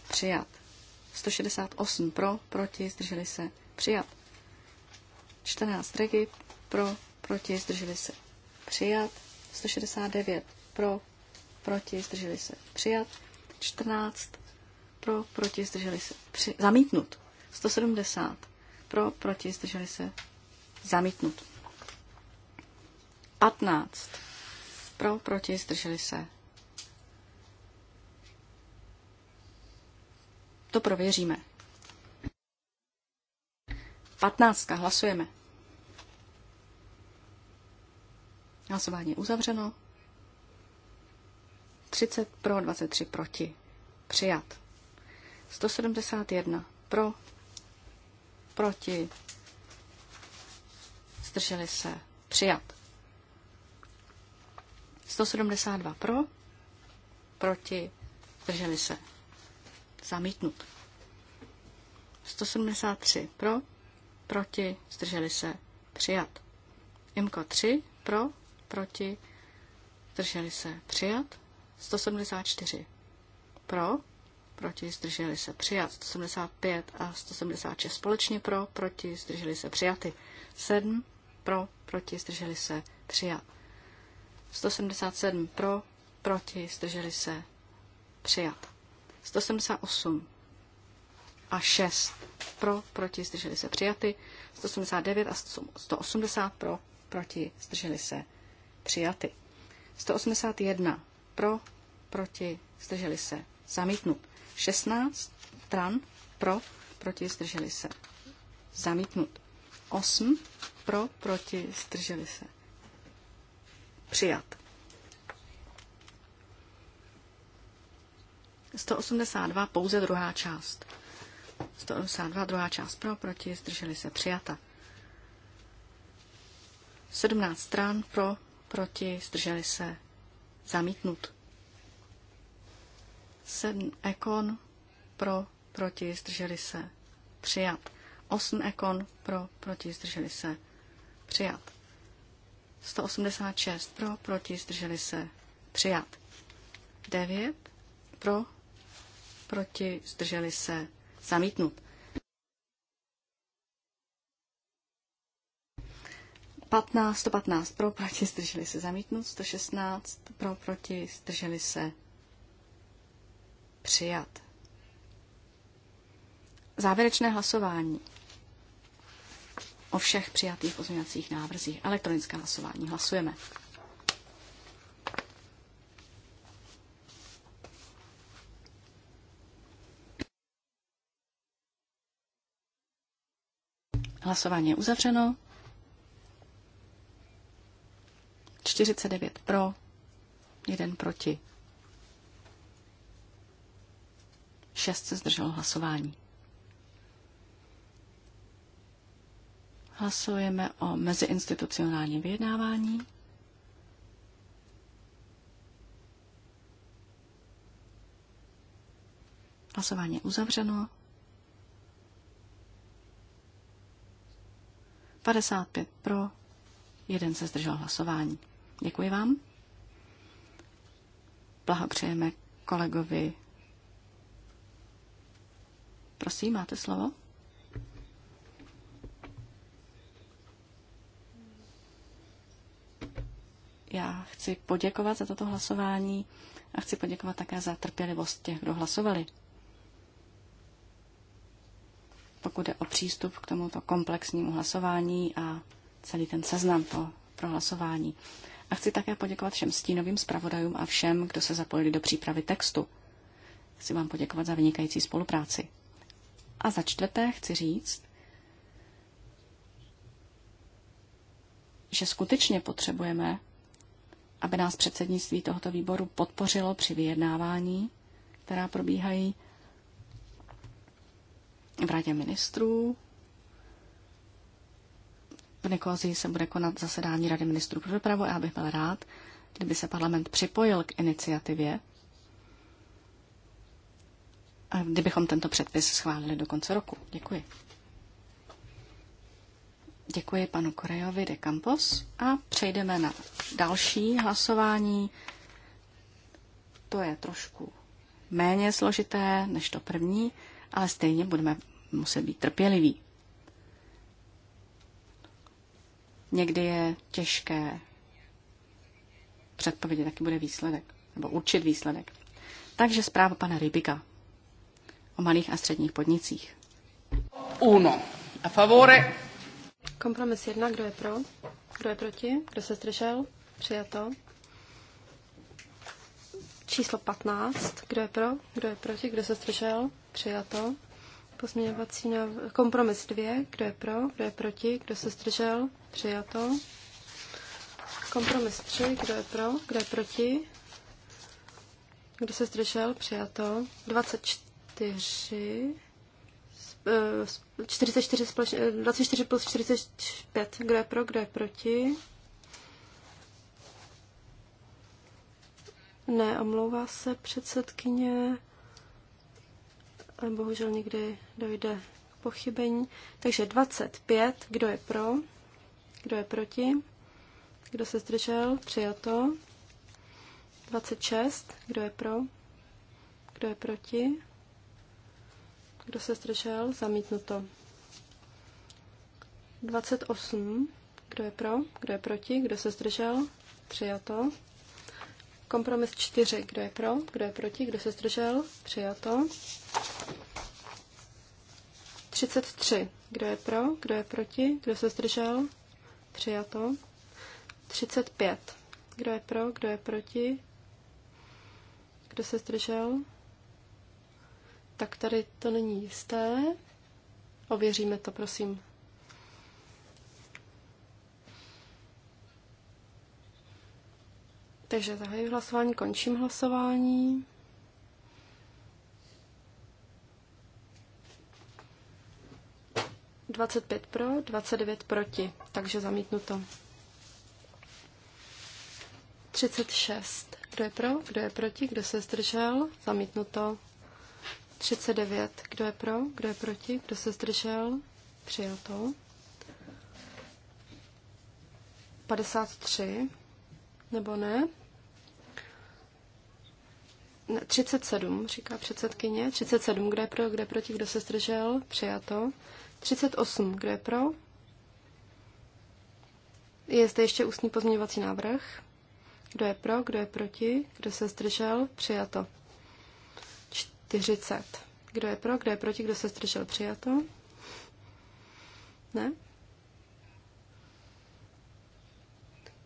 přijat. 168 pro, proti, zdrželi se, přijat. 14 regi pro, proti, zdrželi se, přijat. 169 pro, proti, zdrželi se, přijat. 14 pro, proti, zdrželi se, při, zamítnut. 170 pro, proti, zdrželi se, Zamítnut. 15. Pro, proti, zdrželi se. To prověříme. 15. Hlasujeme. Hlasování uzavřeno. 30 pro, 23 proti. Přijat. 171 pro, proti, zdrželi se, přijat. 172 pro, proti, zdrželi se, zamítnut. 173 pro, proti, zdrželi se, přijat. Imko 3 pro, proti, zdrželi se, přijat. 174 pro, proti, zdrželi se přijat, 175 a 176 společně pro, proti, zdrželi se přijaty, 7 pro, proti, zdrželi se, přijat. 177 pro, proti, zdrželi se, přijat. 178 a 6 pro, proti, zdrželi se, přijaty. 179 a 180 pro, proti, zdrželi se, přijaty. 181 pro, proti, zdrželi se, zamítnut. 16 tran pro, proti, zdrželi se, zamítnut. 8 pro, proti, zdrželi se. Přijat. 182, pouze druhá část. 182, druhá část pro, proti, zdrželi se. Přijata. 17 stran pro, proti, zdrželi se. Zamítnut. 7 ekon pro, proti, zdrželi se. Přijat. 8 ekon pro, proti, zdrželi se. Přijat. 186 pro, proti, zdrželi se. Přijat. 9 pro, proti, zdrželi se. Zamítnut. 15, 115 pro, proti, zdrželi se. Zamítnut. 116 pro, proti, zdrželi se. Přijat. Závěrečné hlasování o všech přijatých pozměňovacích návrzích. Elektronické hlasování. Hlasujeme. Hlasování je uzavřeno. 49 pro, 1 proti. 6 se zdrželo hlasování. Hlasujeme o meziinstitucionálním vyjednávání. Hlasování je uzavřeno. 55 pro, jeden se zdržel hlasování. Děkuji vám. Blahopřejeme kolegovi. Prosím, máte slovo? Já chci poděkovat za toto hlasování a chci poděkovat také za trpělivost těch, kdo hlasovali. Pokud je o přístup k tomuto komplexnímu hlasování a celý ten seznam to pro hlasování. A chci také poděkovat všem stínovým zpravodajům a všem, kdo se zapojili do přípravy textu. Chci vám poděkovat za vynikající spolupráci. A za čtvrté chci říct, že skutečně potřebujeme aby nás předsednictví tohoto výboru podpořilo při vyjednávání, která probíhají v Radě ministrů. V Nikozi se bude konat zasedání Rady ministrů pro dopravu a já bych byl rád, kdyby se parlament připojil k iniciativě a kdybychom tento předpis schválili do konce roku. Děkuji. Děkuji panu Korejovi de Campos a přejdeme na další hlasování. To je trošku méně složité než to první, ale stejně budeme muset být trpěliví. Někdy je těžké předpovědět, jaký bude výsledek, nebo určit výsledek. Takže zpráva pana Rybika o malých a středních podnicích. Uno. A favore Kompromis jedna, kdo je pro? Kdo je proti? Kdo se zdržel? Přijato. Číslo 15, kdo je pro? Kdo je proti? Kdo se zdržel? Přijato. Pozměňovací nav- Kompromis 2, kdo je pro? Kdo je proti? Kdo se zdržel? Přijato. Kompromis 3, kdo je pro? Kdo je proti? Kdo se zdržel? Přijato. 24. 44 eh, společně, 24 eh, plus 45. Kdo je pro, kdo je proti? Ne, omlouvá se předsedkyně. Bohužel někdy dojde k pochybení. Takže 25. Kdo je pro? Kdo je proti? Kdo se zdržel? to. 26. Kdo je pro? Kdo je proti? Kdo se zdržel? Zamítnuto. 28. Kdo je pro? Kdo je proti? Kdo se zdržel? Přijato. Kompromis 4. Kdo je pro? Kdo je proti? Kdo se zdržel? Přijato. 33. Kdo je pro? Kdo je proti? Kdo se zdržel? Přijato. 35. Kdo je pro? Kdo je proti? Kdo se zdržel? Tak tady to není jisté. Ověříme to, prosím. Takže zahajuji hlasování, končím hlasování. Dvacet pět pro, dvacet devět proti, takže zamítnuto. Třicet šest. Kdo je pro, kdo je proti, kdo se zdržel? Zamítnuto. 39. Kdo je pro? Kdo je proti? Kdo se zdržel? Přijato. 53. Nebo ne? ne 37, říká předsedkyně. 37. Kdo je pro? Kdo je proti? Kdo se zdržel? Přijato. 38. Kdo je pro? Je zde ještě ústní pozměňovací návrh. Kdo je pro? Kdo je proti? Kdo se zdržel? Přijato. 40. Kdo je pro, kdo je proti, kdo se zdržel přijato? Ne?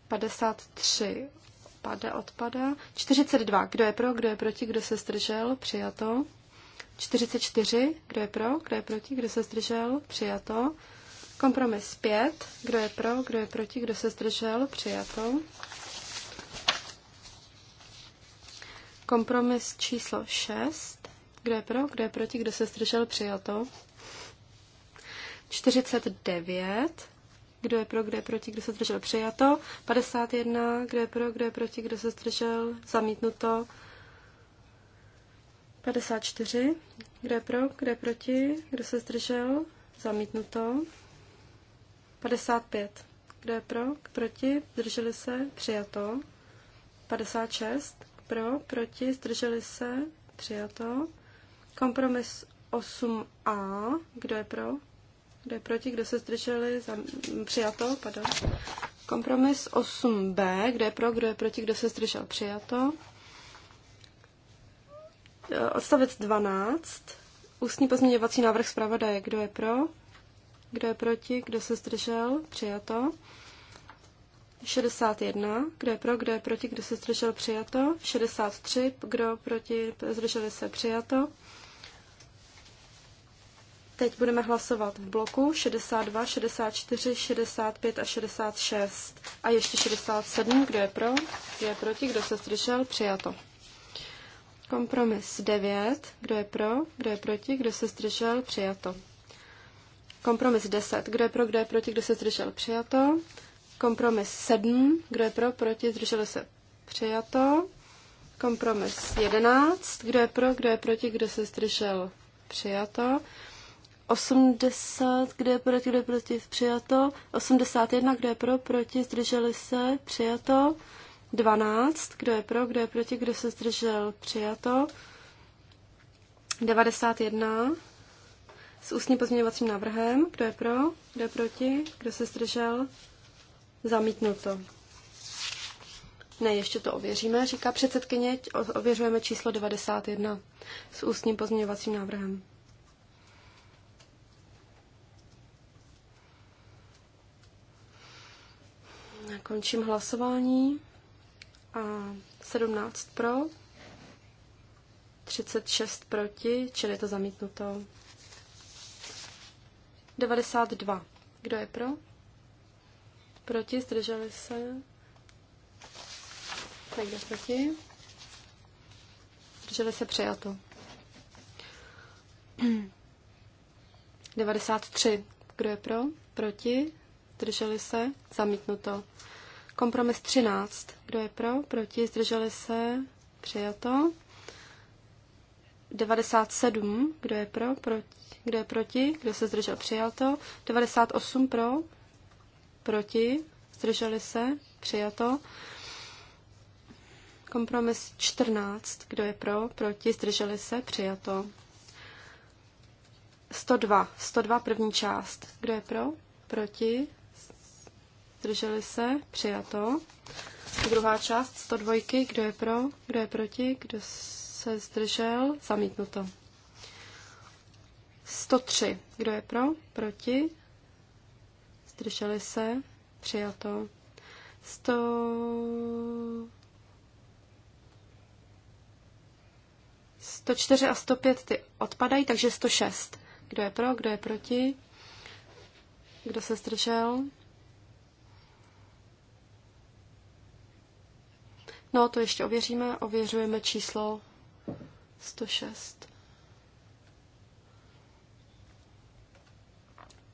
53 pada, odpada. 42. Kdo je pro, kdo je proti, kdo se zdržel? Přijato. 44. Kdo je pro, kdo je proti, kdo se zdržel? Přijato. Kompromis 5. Kdo je pro, kdo je proti, kdo se zdržel? Přijato. Kompromis číslo 6. Kdo je pro? Kdo je proti? Kdo se zdržel? Přijato. 49. Kdo je pro? Kdo je proti? Kdo se zdržel? Přijato. 51. Kdo je pro? Kdo je proti? Kdo se zdržel? Zamítnuto. 54. Kdo je pro? Kdo je proti? Kdo se zdržel? Zamítnuto. 55. Kdo je pro? Proti? Zdrželi se? Přijato. 56. Pro? Proti? Zdrželi se? Přijato. Kompromis 8a, kdo je pro? Kdo je proti? Kdo se zdrželi? přijato, pardon. Kompromis 8b, kdo je pro? Kdo je proti? Kdo se zdržel? Přijato. E, odstavec 12. Ústní pozměňovací návrh zpravodaje. Kdo je pro? Kdo je proti? Kdo se zdržel? Přijato. 61. Kdo je pro? Kdo je proti? Kdo se zdržel? Přijato. 63. Kdo proti? Zdrželi se? Přijato. Teď budeme hlasovat v bloku 62, 64, 65 a 66. A ještě 67, kdo je pro, kdo je proti, kdo se zdržel, přijato. Kompromis 9, kdo je pro, kdo je proti, kdo se zdržel, přijato. Kompromis 10, kdo je pro, kdo je proti, kdo se zdržel, přijato. Kompromis 7, kdo je pro, proti, zdrželi se, přijato. Kompromis 11, kdo je pro, kdo je proti, kdo se zdržel, přijato. 80, kde je proti, kde je proti, přijato. 81, kde je pro, proti, zdrželi se, přijato. 12, kdo je pro, kdo je proti, kdo se zdržel, přijato. 91 s ústním pozměňovacím návrhem, kdo je pro, kdo je proti, kdo se zdržel, zamítnuto. Ne, ještě to ověříme, říká předsedkyně, ověřujeme číslo 91 s ústním pozměňovacím návrhem. Končím hlasování. A 17 pro, 36 proti, čili je to zamítnuto. 92. Kdo je pro? Proti, zdrželi se. Tak kdo proti? Zdrželi se přijato. 93. <clears throat> Kdo je pro? Proti? zdrželi se, zamítnuto. Kompromis 13, kdo je pro, proti, zdrželi se, přijato. 97, kdo je pro, proti, kdo je proti, kdo se zdržel, přijato. 98 pro, proti, zdrželi se, přijato. Kompromis 14, kdo je pro, proti, zdrželi se, přijato. 102, 102 první část, kdo je pro, proti, Zdrželi se? Přijato. Druhá část 102. Kdo je pro? Kdo je proti? Kdo se zdržel? Zamítnuto. 103. Kdo je pro? Proti? Zdrželi se? Přijato. 100... 104 a 105 ty odpadají, takže 106. Kdo je pro, kdo je proti? Kdo se zdržel? No, to ještě ověříme. Ověřujeme číslo 106.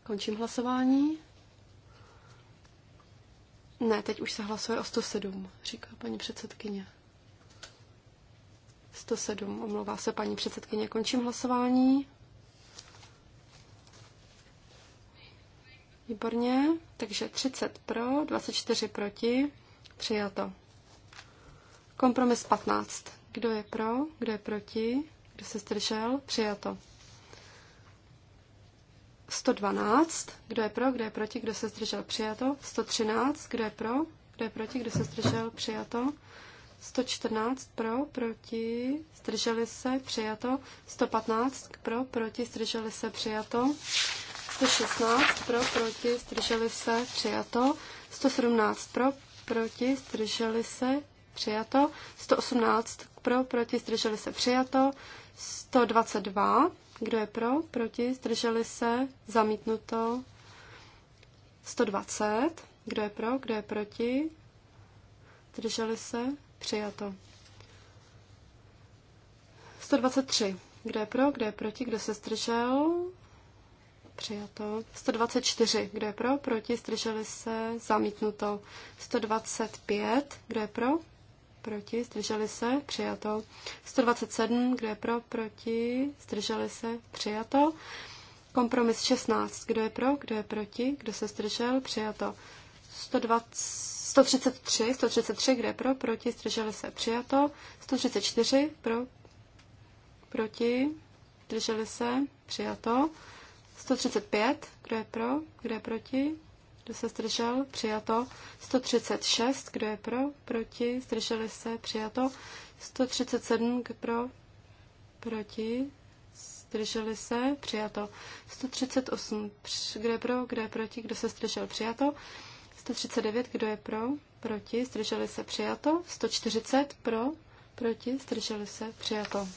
Končím hlasování. Ne, teď už se hlasuje o 107, říká paní předsedkyně. 107, omlouvá se paní předsedkyně. Končím hlasování. Výborně, takže 30 pro, 24 proti, přijato. Kompromis 15. Kdo je pro? Kdo je proti? Kdo se zdržel? Přijato. 112. Kdo je pro? Kdo je proti? Kdo se zdržel? Přijato. 113. Kdo je pro? Kdo je proti? Kdo se zdržel? Přijato. 114 pro, proti, zdrželi se, přijato. 115 pro, proti, zdrželi se, přijato. 116 pro, proti, zdrželi se, přijato. 117 pro, proti, zdrželi se, přijato. 118 pro, proti, zdrželi se, přijato. 122, kdo je pro, proti, zdrželi se, zamítnuto. 120, kdo je pro, kdo je proti, zdrželi se, přijato. 123, kdo je pro, kdo je proti, kdo se zdržel, přijato. 124, kdo je pro, proti, zdrželi se, zamítnuto. 125, kdo je pro, proti, zdrželi se, přijato. 127, kdo je pro, proti, zdrželi se, přijato. Kompromis 16, kdo je pro, kdo je proti, kdo se zdržel, přijato. 120, 133, 133, kde pro, proti, zdrželi se, přijato. 134, pro, proti, zdrželi se, přijato. 135, kdo je pro, kdo je proti, kdo se zdržel? Přijato. 136. Kdo je pro? Proti. Zdrželi se? Přijato. 137. Kdo pro? Proti. Zdrželi se? Přijato. 138. Kdo je pro? Kdo je proti? Kdo se zdržel? Přijato. 139. Kdo je pro? Proti. Zdrželi se? Přijato. 140. Pro? Proti. Zdrželi se? Přijato.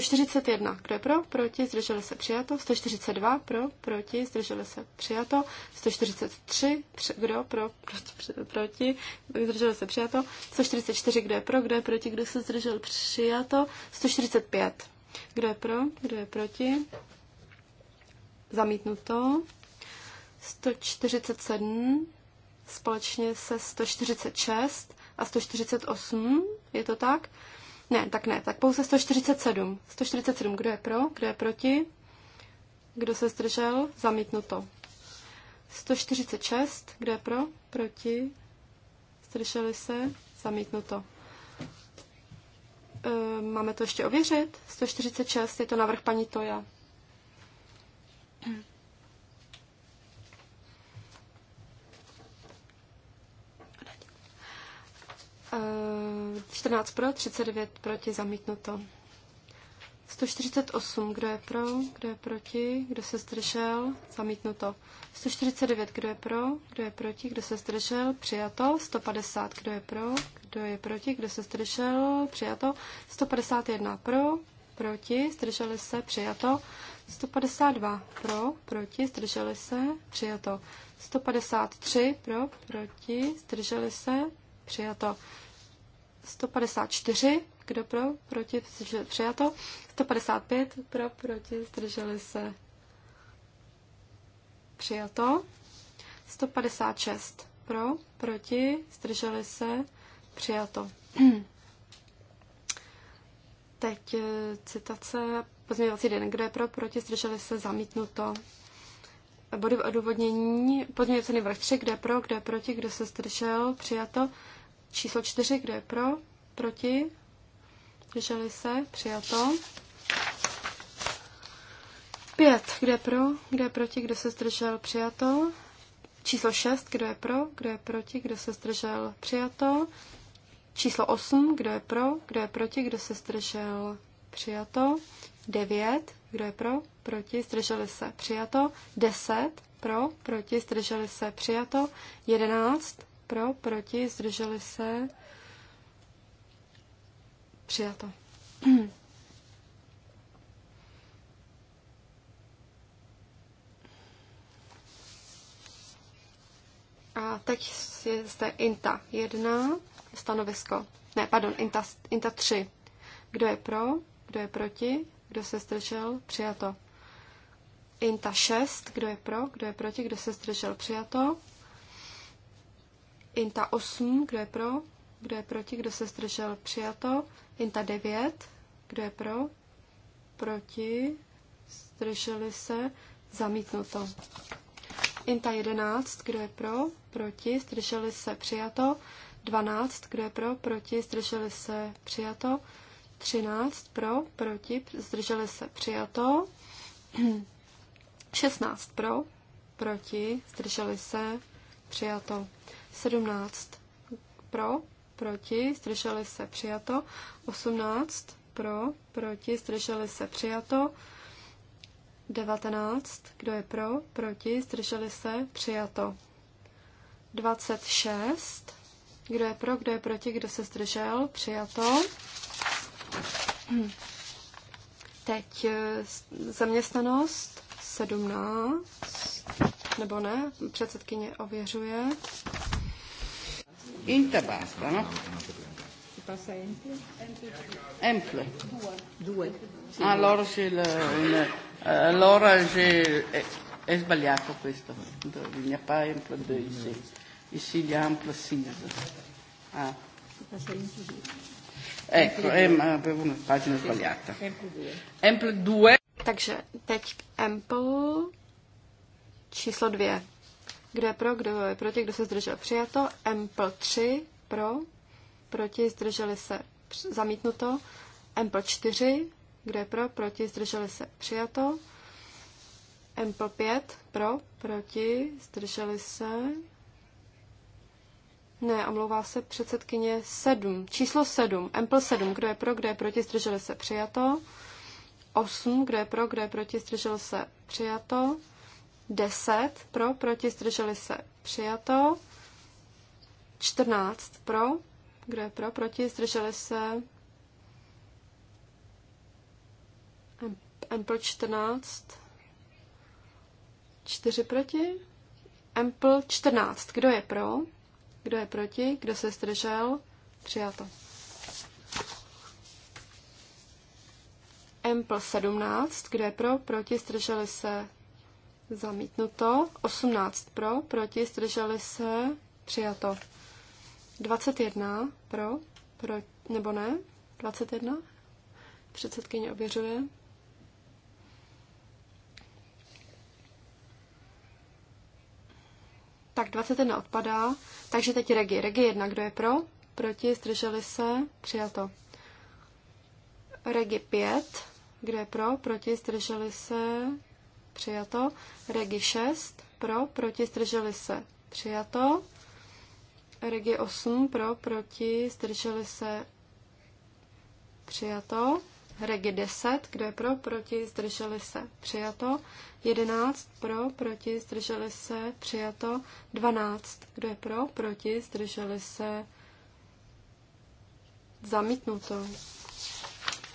141. Kdo je pro? Proti? Zdrželi se přijato. 142. Pro? Proti? Zdrželi se přijato. 143. Kdo? Pro? Proti? Zdrželi se přijato. 144. Kdo je pro? Kdo je proti? Kdo se zdržel přijato? 145. Kdo je pro? Kdo je proti? Zamítnuto. 147 společně se 146 a 148, je to tak? Ne, tak ne, tak pouze 147. 147, kdo je pro, kdo je proti, kdo se zdržel, zamítnuto. 146, kdo je pro, proti, zdrželi se, zamítnuto. E, máme to ještě ověřit? 146, je to návrh paní Toja. E, 14 pro, 39 proti, zamítnuto. 148, kdo je pro, kdo je proti, kdo se zdržel, zamítnuto. 149, kdo je pro, kdo je proti, kdo se zdržel, přijato. 150, kdo je pro, kdo je proti, kdo se zdržel, přijato. 151 pro, proti, zdrželi se, přijato. 152 pro, proti, zdrželi se, přijato. 153 pro, proti, zdrželi se, přijato. 154, kdo pro, proti, přijato. 155, pro, proti, zdrželi se, přijato. 156, pro, proti, zdrželi se, přijato. Teď eh, citace pozměňovací den, kdo je pro, proti, zdrželi se, zamítnuto. Body odůvodnění, pozměňovací návrh 3, kde pro, kde proti, kdo se zdržel, přijato. Číslo čtyři kdo je pro? Proti? Drželi se? Přijato. pět kdo je pro? Kdo je proti? Kdo se zdržel? Přijato. Číslo šest kdo je pro? Kdo je proti? Kdo se zdržel? Přijato. Číslo osm kdo je pro? Kdo je proti? Kdo se zdržel? Přijato. devět kdo je pro? Proti? Zdrželi se? Přijato. deset pro? Proti? Zdrželi se? Přijato. jedenáct pro, proti, zdrželi se. Přijato. <clears throat> A teď je zde INTA 1, stanovisko. Ne, pardon, INTA, INTA 3. Kdo je pro, kdo je proti, kdo se zdržel, přijato. INTA 6, kdo je pro, kdo je proti, kdo se zdržel, přijato. Inta 8, kdo je pro, kdo je proti, kdo se zdržel, přijato. Inta 9, kdo je pro, proti, zdrželi se, zamítnuto. Inta 11, kdo je pro, proti, zdrželi se, přijato. 12, kdo je pro, proti, zdrželi se, přijato. 13, pro, proti, zdrželi se, přijato. 16, <clears throat> pro, proti, zdrželi se, přijato. 17 pro, proti, zdrželi se přijato. 18 pro, proti, zdrželi se přijato. 19, kdo je pro, proti, zdrželi se přijato. 26, kdo je pro, kdo je proti, kdo se zdržel, přijato. Teď eh, zaměstnanost 17, nebo ne, předsedkyně ověřuje. Interbasta, no? Si passa Emple? Emple. Due. Ah, sì, ah, allora, c'è il, il, allora c'è, è, sbagliato questo. Il mio pa e Emple 2, sì. Il sì Ample 6. Ah. Si passa Emple Ecco, eh, avevo una pagina sbagliata. Ample 2. Takže teď Ample číslo 2. Kdo je pro, kdo je proti, kdo se zdržel přijato. Empl 3 pro, proti, zdrželi se zamítnuto. Empl 4, kdo je pro, proti, zdrželi se přijato. Empl 5 pro, proti, zdrželi se. Ne, omlouvá se předsedkyně 7. Číslo 7. Empl 7. Kdo je pro, kdo je proti, zdrželi se přijato. 8. Kdo je pro, kdo je proti, zdrželi se přijato. 10 pro, proti, zdrželi se, přijato. 14 pro, kdo je pro, proti, zdrželi se. Ample 14. 4 proti. Ample 14. Kdo je pro? Kdo je proti? Kdo se zdržel? Přijato. Ample 17. Kdo je pro? Proti, zdrželi se. Zamítnuto. 18 pro, proti, zdrželi se, přijato. 21 pro, pro nebo ne? 21? Předsedkyně ověřuje. Tak 21 odpadá, takže teď regi. Regi 1, kdo je pro? Proti, zdrželi se, přijato. Regi 5, kdo je pro? Proti, zdrželi se, přijato. Regi 6 pro, proti, zdrželi se, přijato. Regi 8 pro, proti, zdrželi se, přijato. Regi 10, kdo je pro, proti, zdrželi se, přijato. 11 pro, proti, zdrželi se, přijato. 12, kdo je pro, proti, zdrželi se, zamítnuto.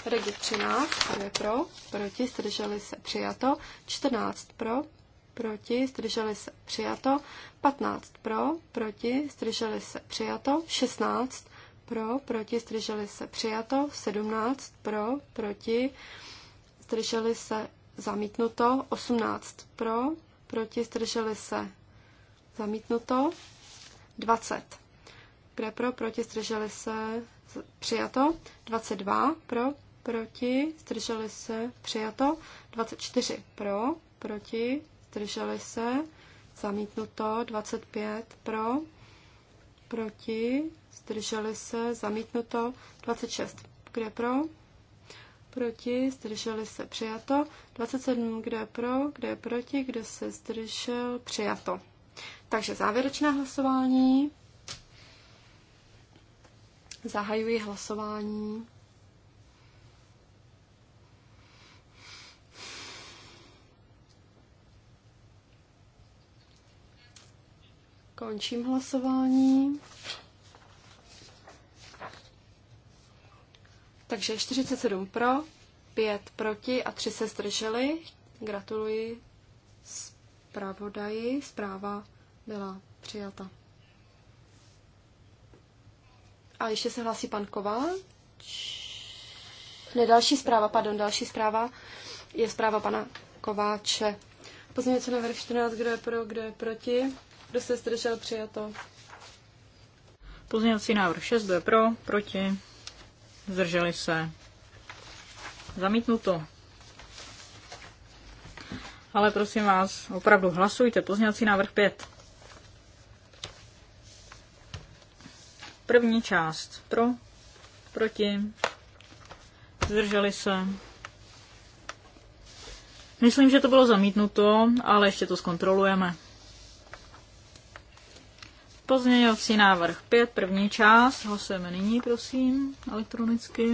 Regi 13, kdo je pro, proti, zdrželi se, přijato. 14 pro, proti, zdrželi se, přijato. 15 pro, proti, zdrželi se, přijato. 16 pro, proti, zdrželi se, přijato. 17 pro, proti, zdrželi se, zamítnuto. 18 pro, proti, zdrželi se, zamítnuto. 20. Kde pro, proti, zdrželi se, přijato. 22 pro, proti, zdrželi se, přijato. 24 pro, proti, zdrželi se, zamítnuto. 25 pro, proti, zdrželi se, zamítnuto. 26, kde pro, proti, zdrželi se, přijato. 27, kde pro, kde proti, kde se zdržel, přijato. Takže závěrečné hlasování. Zahajuji hlasování. Končím hlasování. Takže 47 pro, 5 proti a 3 se zdrželi. Gratuluji zpravodaji. Zpráva byla přijata. A ještě se hlásí pan Koval. Ne, další zpráva, pardon, další zpráva je zpráva pana Kováče. Pozměňovací návrh 14, kdo je pro, kdo je proti, kdo se zdržel? Přijato. Pozměňovací návrh 6 je pro, proti, zdrželi se. Zamítnuto. Ale prosím vás, opravdu hlasujte. Pozměňovací návrh 5. První část pro, proti, zdrželi se. Myslím, že to bylo zamítnuto, ale ještě to zkontrolujeme. Pozměňovací návrh 5, první část, hlasujeme nyní, prosím, elektronicky.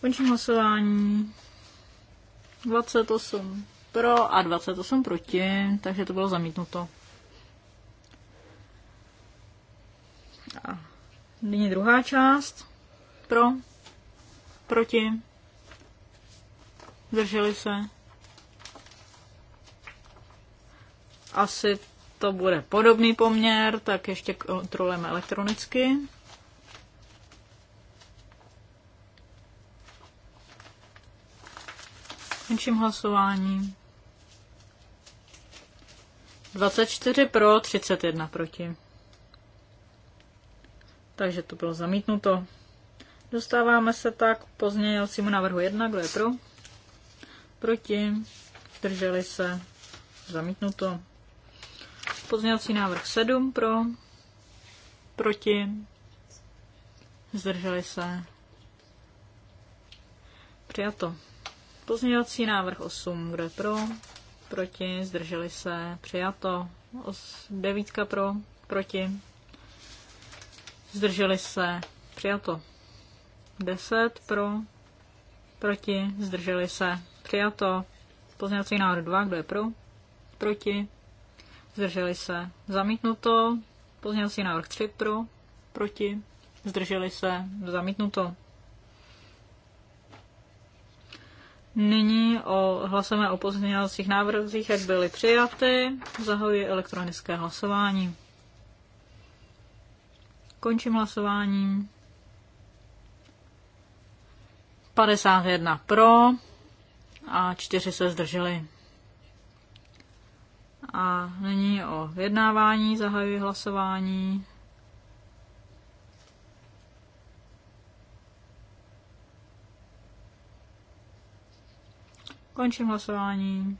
Končím hlasování. 28 pro a 28 proti, takže to bylo zamítnuto. A nyní druhá část. Pro, proti, zdrželi se, asi to bude podobný poměr, tak ještě kontrolujeme elektronicky. Končím hlasování. 24 pro, 31 proti. Takže to bylo zamítnuto. Dostáváme se tak k pozměňovacímu návrhu 1, kdo je pro? Proti, drželi se, zamítnuto. Pozměňovací návrh 7 pro, proti, zdrželi se. Přijato. Pozměňovací návrh 8, kdo je pro, proti, zdrželi se, přijato. Os, devítka pro, proti, zdrželi se, přijato. 10 pro, proti, zdrželi se, přijato. Pozměňovací návrh 2, kdo je pro, proti, zdrželi se, zamítnuto, si návrh 3 pro, proti, zdrželi se, zamítnuto. Nyní o, hlasujeme o pozměňovacích návrzích, jak byly přijaty. Zahajuji elektronické hlasování. Končím hlasování. 51 pro a 4 se zdrželi. A nyní o vyjednávání zahajuji hlasování. Končím hlasování.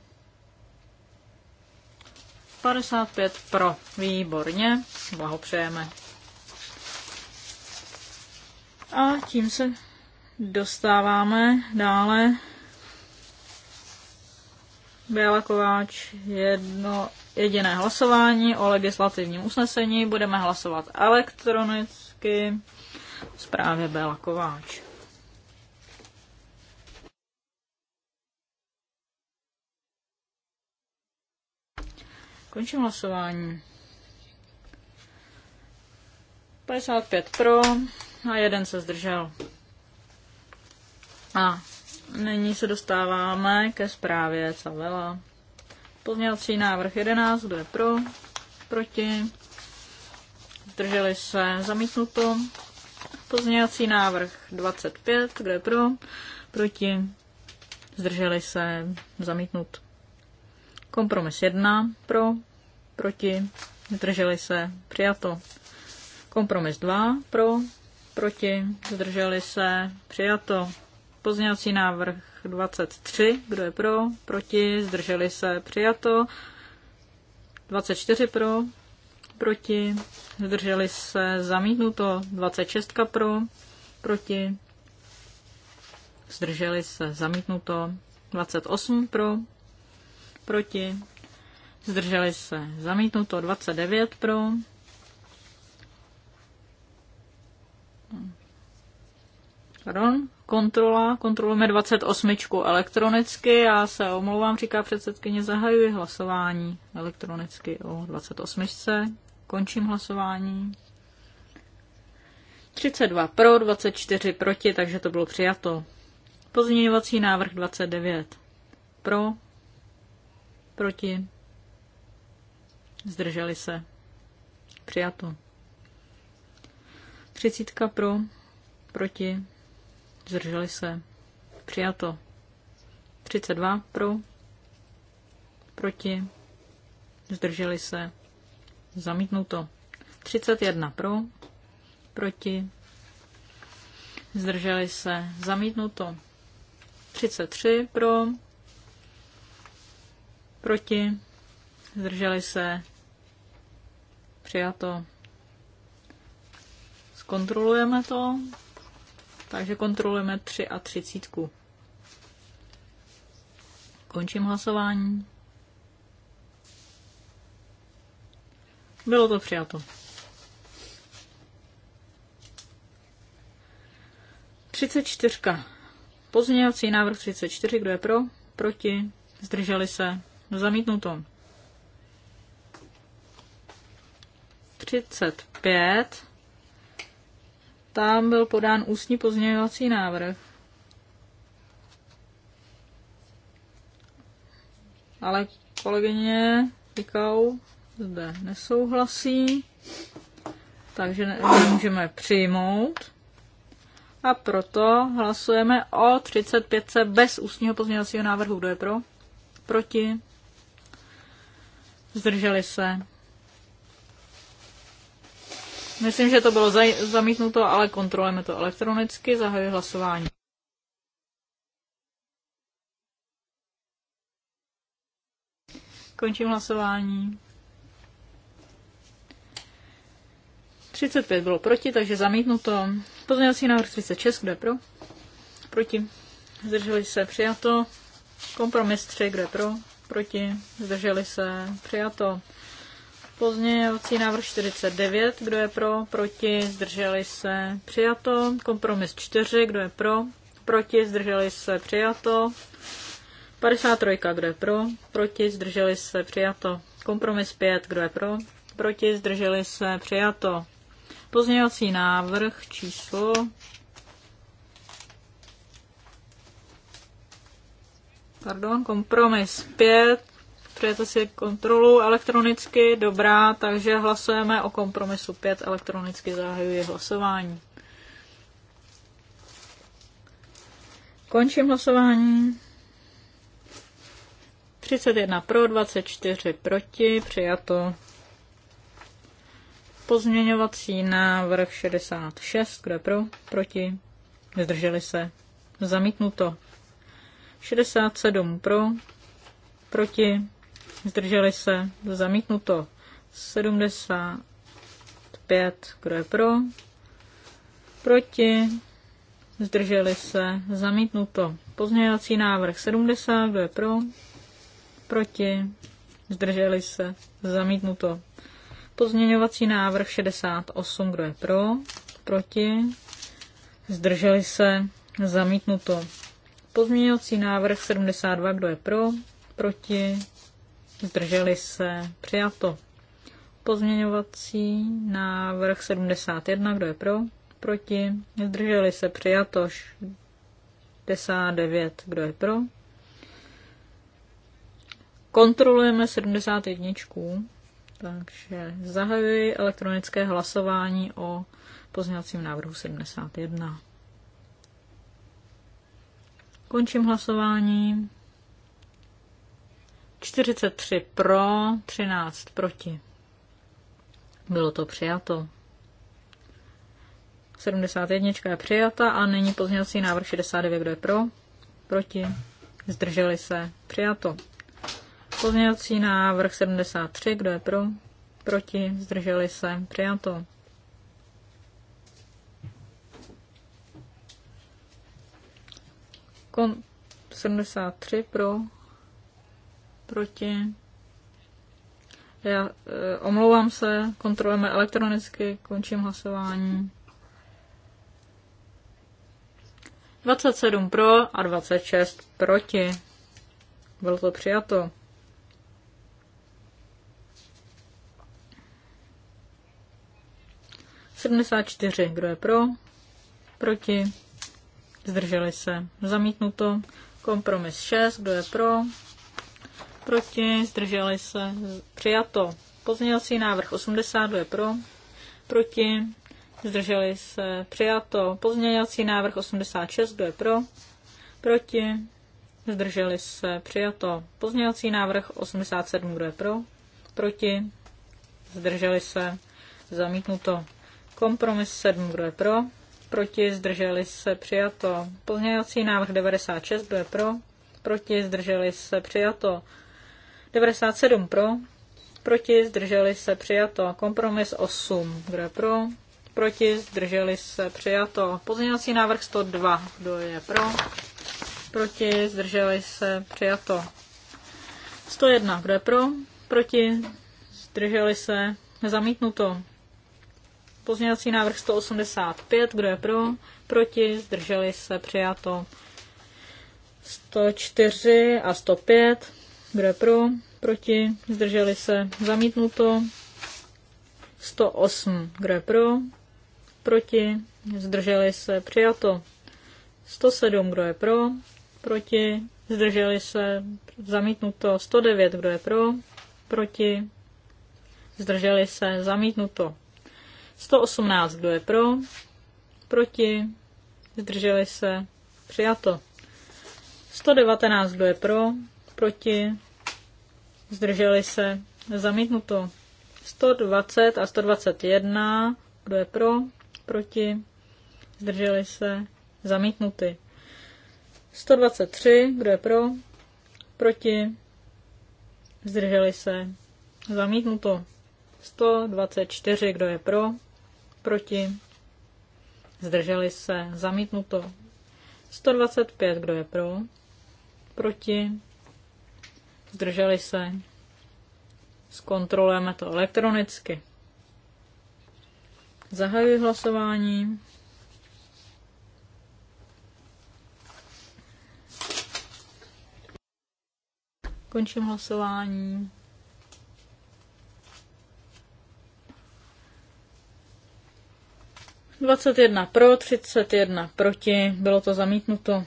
55 pro. Výborně. Blahopřejeme. A tím se dostáváme dále Běla Kováč jedno jediné hlasování o legislativním usnesení. Budeme hlasovat elektronicky. Zprávě Běla Kováč. Končím hlasování. 55 pro a jeden se zdržel. A Nyní se dostáváme ke zprávě Cavela. Pozměňovací návrh 11, kdo je pro, proti, zdrželi se, zamítnuto. Pozměňovací návrh 25, kdo je pro, proti, zdrželi se, zamítnut. Kompromis 1, pro, proti, zdrželi se, přijato. Kompromis 2, pro, proti, zdrželi se, přijato. Pozměňovací návrh 23, kdo je pro, proti, zdrželi se, přijato. 24 pro, proti, zdrželi se, zamítnuto. 26 pro, proti, zdrželi se, zamítnuto. 28 pro, proti, zdrželi se, zamítnuto. 29 pro, Pardon, kontrola, kontrolujeme 28 elektronicky, já se omlouvám, říká předsedkyně, zahajuji hlasování elektronicky o 28. Končím hlasování. 32 pro, 24 proti, takže to bylo přijato. Pozměňovací návrh 29. Pro, proti, zdrželi se. Přijato. 30 pro, proti, zdrželi se, přijato. 32 pro, proti, zdrželi se, zamítnuto. 31 pro, proti, zdrželi se, zamítnuto. 33 pro, proti, zdrželi se, přijato. Zkontrolujeme to. Takže kontrolujeme 3 a 30. Končím hlasování. Bylo to přijato. 34. Pozměňovací návrh 34. Kdo je pro? Proti? Zdrželi se? Zamítnuto. 35 tam byl podán ústní pozměňovací návrh. Ale kolegyně Pikau zde nesouhlasí, takže nemůžeme přijmout. A proto hlasujeme o 35 bez ústního pozměňovacího návrhu. Kdo je pro? Proti? Zdrželi se? Myslím, že to bylo zamítnuto, ale kontrolujeme to elektronicky. Zahajuji hlasování. Končím hlasování. 35 bylo proti, takže zamítnuto. Pozměňovací návrh 36, je pro? Proti. Zdrželi se, přijato. Kompromis 3, je pro? Proti. Zdrželi se, přijato. Pozměňovací návrh 49, kdo je pro, proti, zdrželi se, přijato. Kompromis 4, kdo je pro, proti, zdrželi se, přijato. 53, kdo je pro, proti, zdrželi se, přijato. Kompromis 5, kdo je pro, proti, zdrželi se, přijato. Pozměňovací návrh číslo pardon, kompromis 5, Zaregistrujete si kontrolu elektronicky, dobrá, takže hlasujeme o kompromisu 5, elektronicky zahajuji hlasování. Končím hlasování. 31 pro, 24 proti, přijato. Pozměňovací návrh 66, kdo pro, proti, zdrželi se, zamítnuto. 67 pro, proti, zdrželi se, zamítnuto 75, kdo je pro, proti, zdrželi se, zamítnuto pozměňovací návrh 70, kdo je pro, proti, zdrželi se, zamítnuto pozměňovací návrh 68, kdo je pro, proti, zdrželi se, zamítnuto pozměňovací návrh 72, kdo je pro, proti, zdrželi se, přijato. Pozměňovací návrh 71, kdo je pro, proti, zdrželi se, přijato. 69, kdo je pro. Kontrolujeme 71. Takže zahajuji elektronické hlasování o pozměňovacím návrhu 71. Končím hlasování. 43 pro, 13 proti. Bylo to přijato. 71 je přijata a nyní pozměňovací návrh 69, kdo je pro, proti, zdrželi se, přijato. Pozměňovací návrh 73, kdo je pro, proti, zdrželi se, přijato. Kon 73 pro, proti. Já e, omlouvám se, kontrolujeme elektronicky, končím hlasování. 27 pro a 26 proti. Bylo to přijato. čtyři. Kdo je pro? Proti? Zdrželi se. Zamítnuto. Kompromis 6. Kdo je pro? proti, zdrželi se, přijato. Pozměňovací návrh 82 je pro, proti, zdrželi se, přijato. Pozměňovací návrh 86, je pro, proti, zdrželi se, přijato. Pozměňovací návrh 87, je pro, proti, zdrželi se, zamítnuto. Kompromis 7, je pro, proti, zdrželi se, přijato. Pozměňovací návrh 96, je pro, proti, zdrželi se, přijato. 97 pro, proti, zdrželi se přijato. Kompromis 8, kdo je pro, proti, zdrželi se přijato. Pozměňovací návrh 102, kdo je pro, proti, zdrželi se přijato. 101, kdo je pro, proti, zdrželi se zamítnuto. Pozměňovací návrh 185, kdo je pro, proti, zdrželi se přijato. 104 a 105 kdo je pro? Proti? Zdrželi se? Zamítnuto. 108. Kdo je pro? Proti? Zdrželi se? Přijato. 107. Kdo je pro? Proti? Zdrželi se? Zamítnuto. 109. Kdo je pro? Proti? Zdrželi se? Zamítnuto. 118. Kdo je pro? Proti? Zdrželi se? Přijato. 119. Kdo je pro? Proti? zdrželi se, zamítnuto. 120 a 121, kdo je pro, proti, zdrželi se, zamítnuty. 123, kdo je pro, proti, zdrželi se, zamítnuto. 124, kdo je pro, proti, zdrželi se, zamítnuto. 125, kdo je pro, proti, zdrželi se. Zkontrolujeme to elektronicky. Zahajuji hlasování. Končím hlasování. Dvacet jedna pro, třicet jedna proti, bylo to zamítnuto.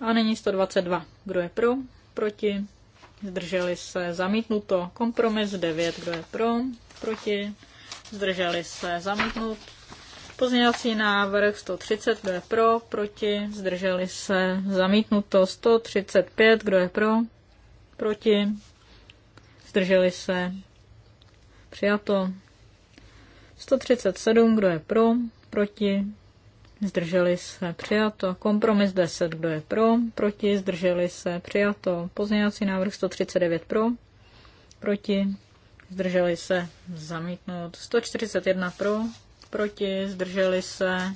A nyní 122. Kdo je pro? Proti? Zdrželi se zamítnuto. Kompromis 9. Kdo je pro? Proti? Zdrželi se zamítnut. Pozměňovací návrh 130. Kdo je pro? Proti? Zdrželi se zamítnuto. 135. Kdo je pro? Proti? Zdrželi se. Přijato. 137. Kdo je pro? Proti? zdrželi se, přijato. Kompromis 10, kdo je pro, proti, zdrželi se, přijato. Pozměňovací návrh 139 pro, proti, zdrželi se, zamítnout. 141 pro, proti, zdrželi se,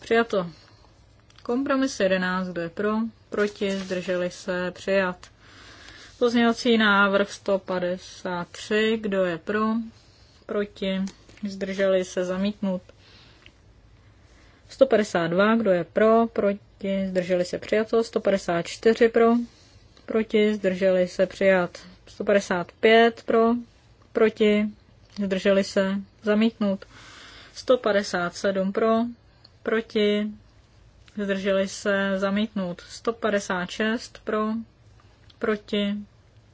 přijato. Kompromis 11, kdo je pro, proti, zdrželi se, přijat. Pozměňovací návrh 153, kdo je pro, proti, zdrželi se, zamítnout. 152, kdo je pro, proti, zdrželi se přijat, 154 pro, proti, zdrželi se přijat. 155 pro, proti, zdrželi se zamítnout. 157 pro, proti, zdrželi se zamítnout. 156 pro, proti,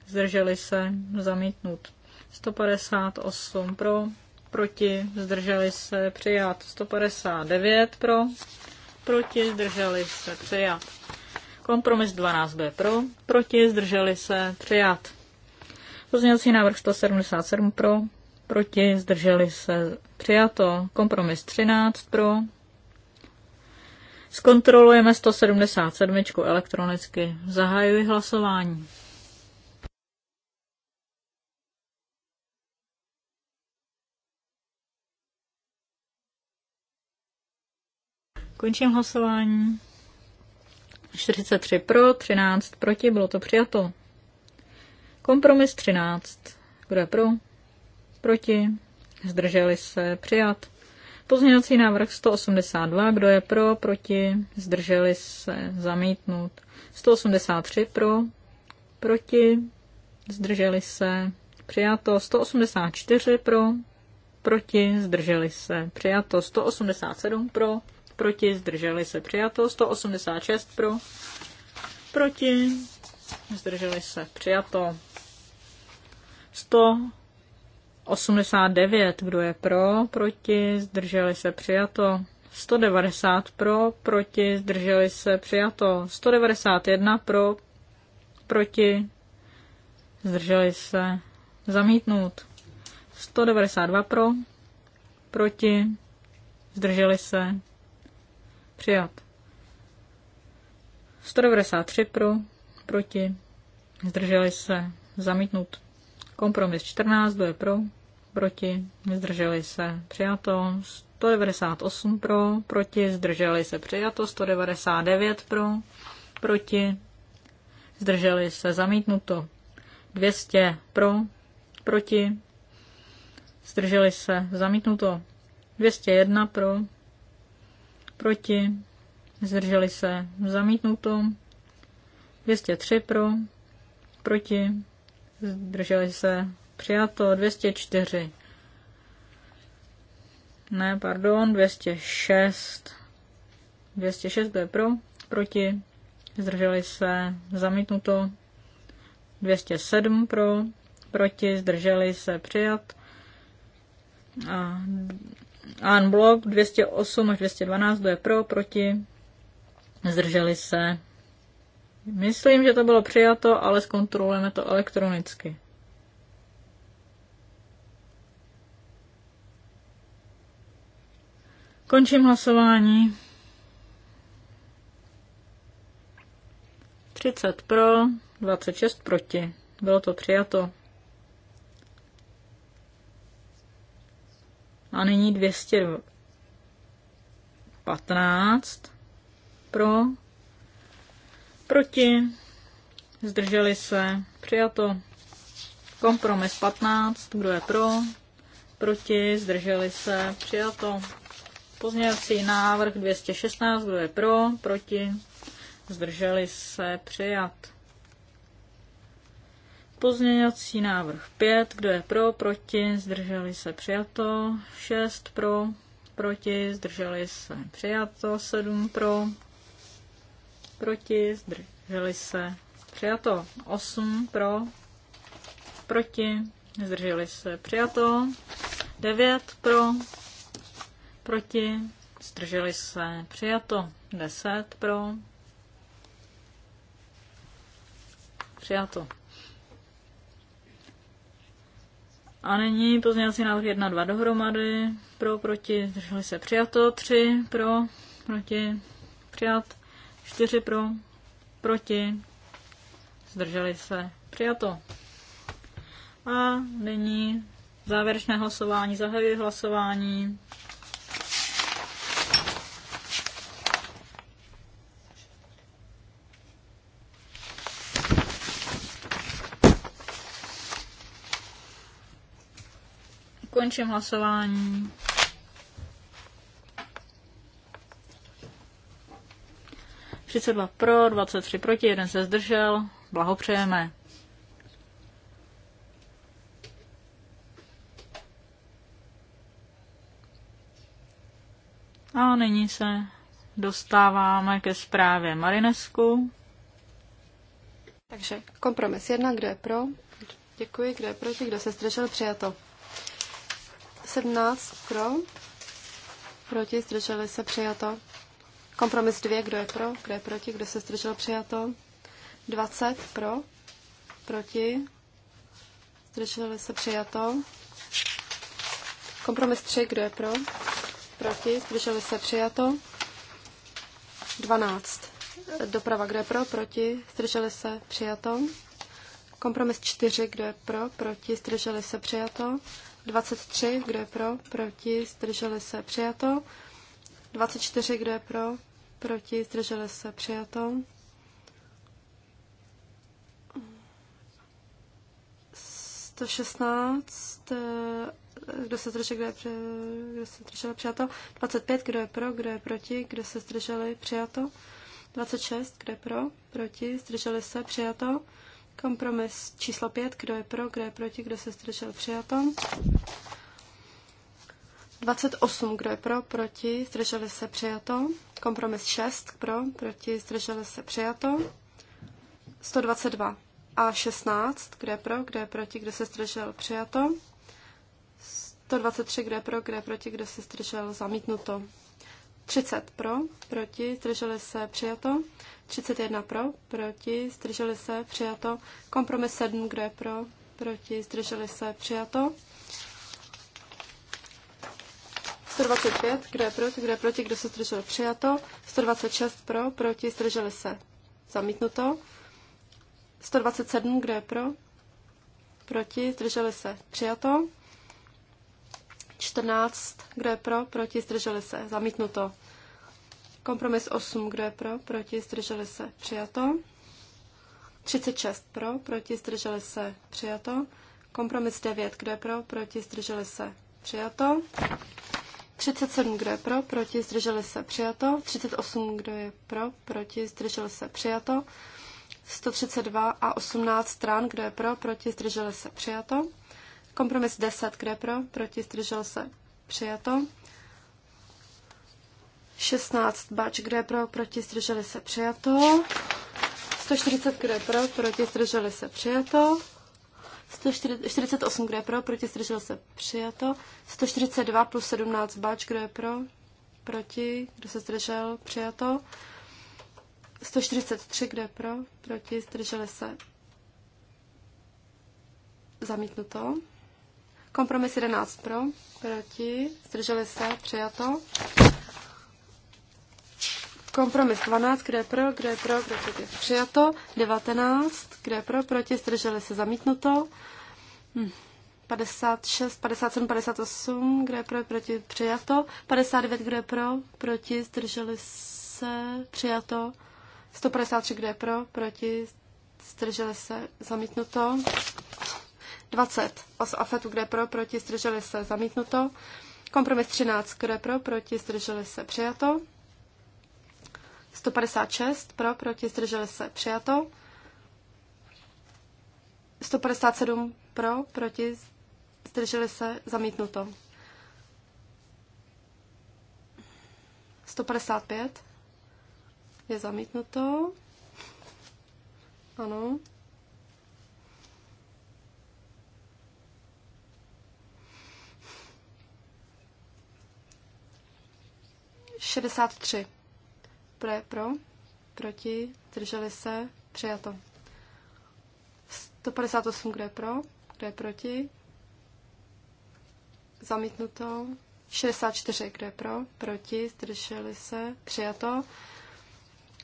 zdrželi se zamítnout. 158 pro, proti, zdrželi se přijat 159 pro, proti, zdrželi se přijat. Kompromis 12b pro, proti, zdrželi se přijat. Pozměňovací návrh 177 pro, proti, zdrželi se přijato. Kompromis 13 pro. Zkontrolujeme 177 elektronicky. Zahajuji hlasování. Končím hlasování. 43 pro, 13 proti, bylo to přijato. Kompromis 13. Kdo je pro? Proti? Zdrželi se? Přijat. Pozměňovací návrh 182. Kdo je pro? Proti? Zdrželi se? Zamítnut. 183 pro? Proti? Zdrželi se? Přijato. 184 pro? Proti? Zdrželi se? Přijato. 187 pro? proti, zdrželi se přijato, 186 pro, proti, zdrželi se přijato, 189, kdo je pro, proti, zdrželi se přijato, 190 pro, proti, zdrželi se přijato, 191 pro, proti, zdrželi se zamítnout, 192 pro, proti, zdrželi se Přijat. 193 pro, proti, zdrželi se, zamítnut. Kompromis 14, kdo je pro, proti, zdrželi se, přijato. 198 pro, proti, zdrželi se, přijato. 199 pro, proti, zdrželi se, zamítnuto. 200 pro, proti, zdrželi se, zamítnuto. 201 pro, proti, zdrželi se, zamítnuto. 203 pro, proti, zdrželi se, přijato. 204 ne, pardon, 206. 206 je pro, proti, zdrželi se, zamítnuto. 207 pro, proti, zdrželi se, přijat. A Unblock 208 až 212, kdo je pro, proti, zdrželi se. Myslím, že to bylo přijato, ale zkontrolujeme to elektronicky. Končím hlasování. 30 pro, 26 proti. Bylo to přijato. A nyní 215 pro, proti, zdrželi se, přijato. Kompromis 15, kdo je pro, proti, zdrželi se, přijato. Pozměňovací návrh 216, kdo je pro, proti, zdrželi se, přijat. Pozměňovací návrh 5, kdo je pro, proti, zdrželi se přijato, 6 pro, proti, zdrželi se přijato, 7 pro, proti, zdrželi se přijato, 8 pro, proti, zdrželi se přijato, 9 pro, proti, zdrželi se přijato, 10 pro, přijato. A nyní pozměňovací návrh 1, 2 dohromady. Pro, proti, zdrželi se přijato. 3 pro, proti, přijat. 4 pro, proti, zdrželi se přijato. A nyní závěrečné hlasování. Zahajuji hlasování. Končím hlasování. dva pro, 23 proti, jeden se zdržel. Blahopřejeme. A nyní se dostáváme ke zprávě Marinesku. Takže kompromis jedna, kdo je pro? Děkuji, kdo je proti, kdo se zdržel, přijato. 17 pro, proti, zdrželi se, přijato. Kompromis 2, kdo je pro, kdo je proti, kdo se zdržel, přijato. 20 pro, proti, zdrželi se, přijato. Kompromis 3, kdo je pro, proti, zdrželi se, přijato. 12. Doprava, kdo je pro, proti, zdrželi se, přijato. Kompromis 4, kdo je pro, proti, zdrželi se, přijato. 23, kdo je pro, proti, zdrželi se, přijato. 24, kdo je pro, proti, zdrželi se, přijato. 116, eh, kdo se zdržel, kdo je, kdo se zdržel, přijato. 25, kdo je pro, kdo je proti, kdo se zdrželi, přijato. 26, kdo je pro, proti, zdrželi se, přijato. Kompromis číslo pět kdo je pro, kdo je proti, kdo se zdržel, přijato. 28, kdo je pro, proti, zdrželi se, přijato. Kompromis 6, pro, proti, zdrželi se, přijato. 122 a 16, kdo je pro, kdo je proti, kdo se zdržel, přijato. 123, kdo je pro, kdo je proti, kdo se zdržel, zamítnuto. 30 pro, proti, zdrželi se, přijato. 31 pro, proti, zdrželi se, přijato. Kompromis 7, kdo je pro, proti, zdrželi se, přijato. 125, kdo je proti, kdo je proti, kdo se zdržel, přijato. 126 pro, proti, zdrželi se, zamítnuto. 127, kdo je pro, proti, zdrželi se, přijato. 14, kdo je pro, proti, zdrželi se, zamítnuto. Kompromis 8, kdo je pro, proti, zdrželi se, přijato. 36 pro, proti, zdrželi se, přijato. Kompromis 9, kdo je pro, proti, zdrželi se, přijato. 37, kdo je pro, proti, zdrželi se, přijato. 38, kdo je pro, proti, zdrželi se, přijato. 132 a 18 stran, kdo je pro, proti, zdrželi se, přijato. Kompromis 10, kde pro, proti, zdržel se, přijato. 16, bač, kde pro, proti, zdrželi se, přijato. 140, kde pro, proti, zdrželi se, přijato. 148, kde pro, proti zdržel se přijato. 142 plus 17 bač, kdo pro, proti, kdo se zdržel, přijato. 143, kde pro, proti, zdrželi se zamítnuto. Kompromis 11 pro, proti, zdrželi se, přijato. Kompromis 12, kde je pro, kde je pro, kde je proti, přijato. 19, kde je pro, proti, zdrželi se, zamítnuto. Hm. 56, 57, 58, kde je pro, proti, přijato. 59, kde je pro, proti, zdrželi se, přijato. 153, kde je pro, proti, zdrželi se, zamítnuto. 20 os AFETu, kde pro, proti, zdrželi se, zamítnuto. Kompromis 13, kde pro, proti, zdrželi se, přijato. 156 pro, proti, zdrželi se, přijato. 157 pro, proti, zdrželi se, zamítnuto. 155 je zamítnuto. Ano. 63. Pro pro, proti, drželi se, přijato. 158, kde je pro, kde je proti, zamítnuto. 64, kde je pro, proti, zdrželi se, přijato.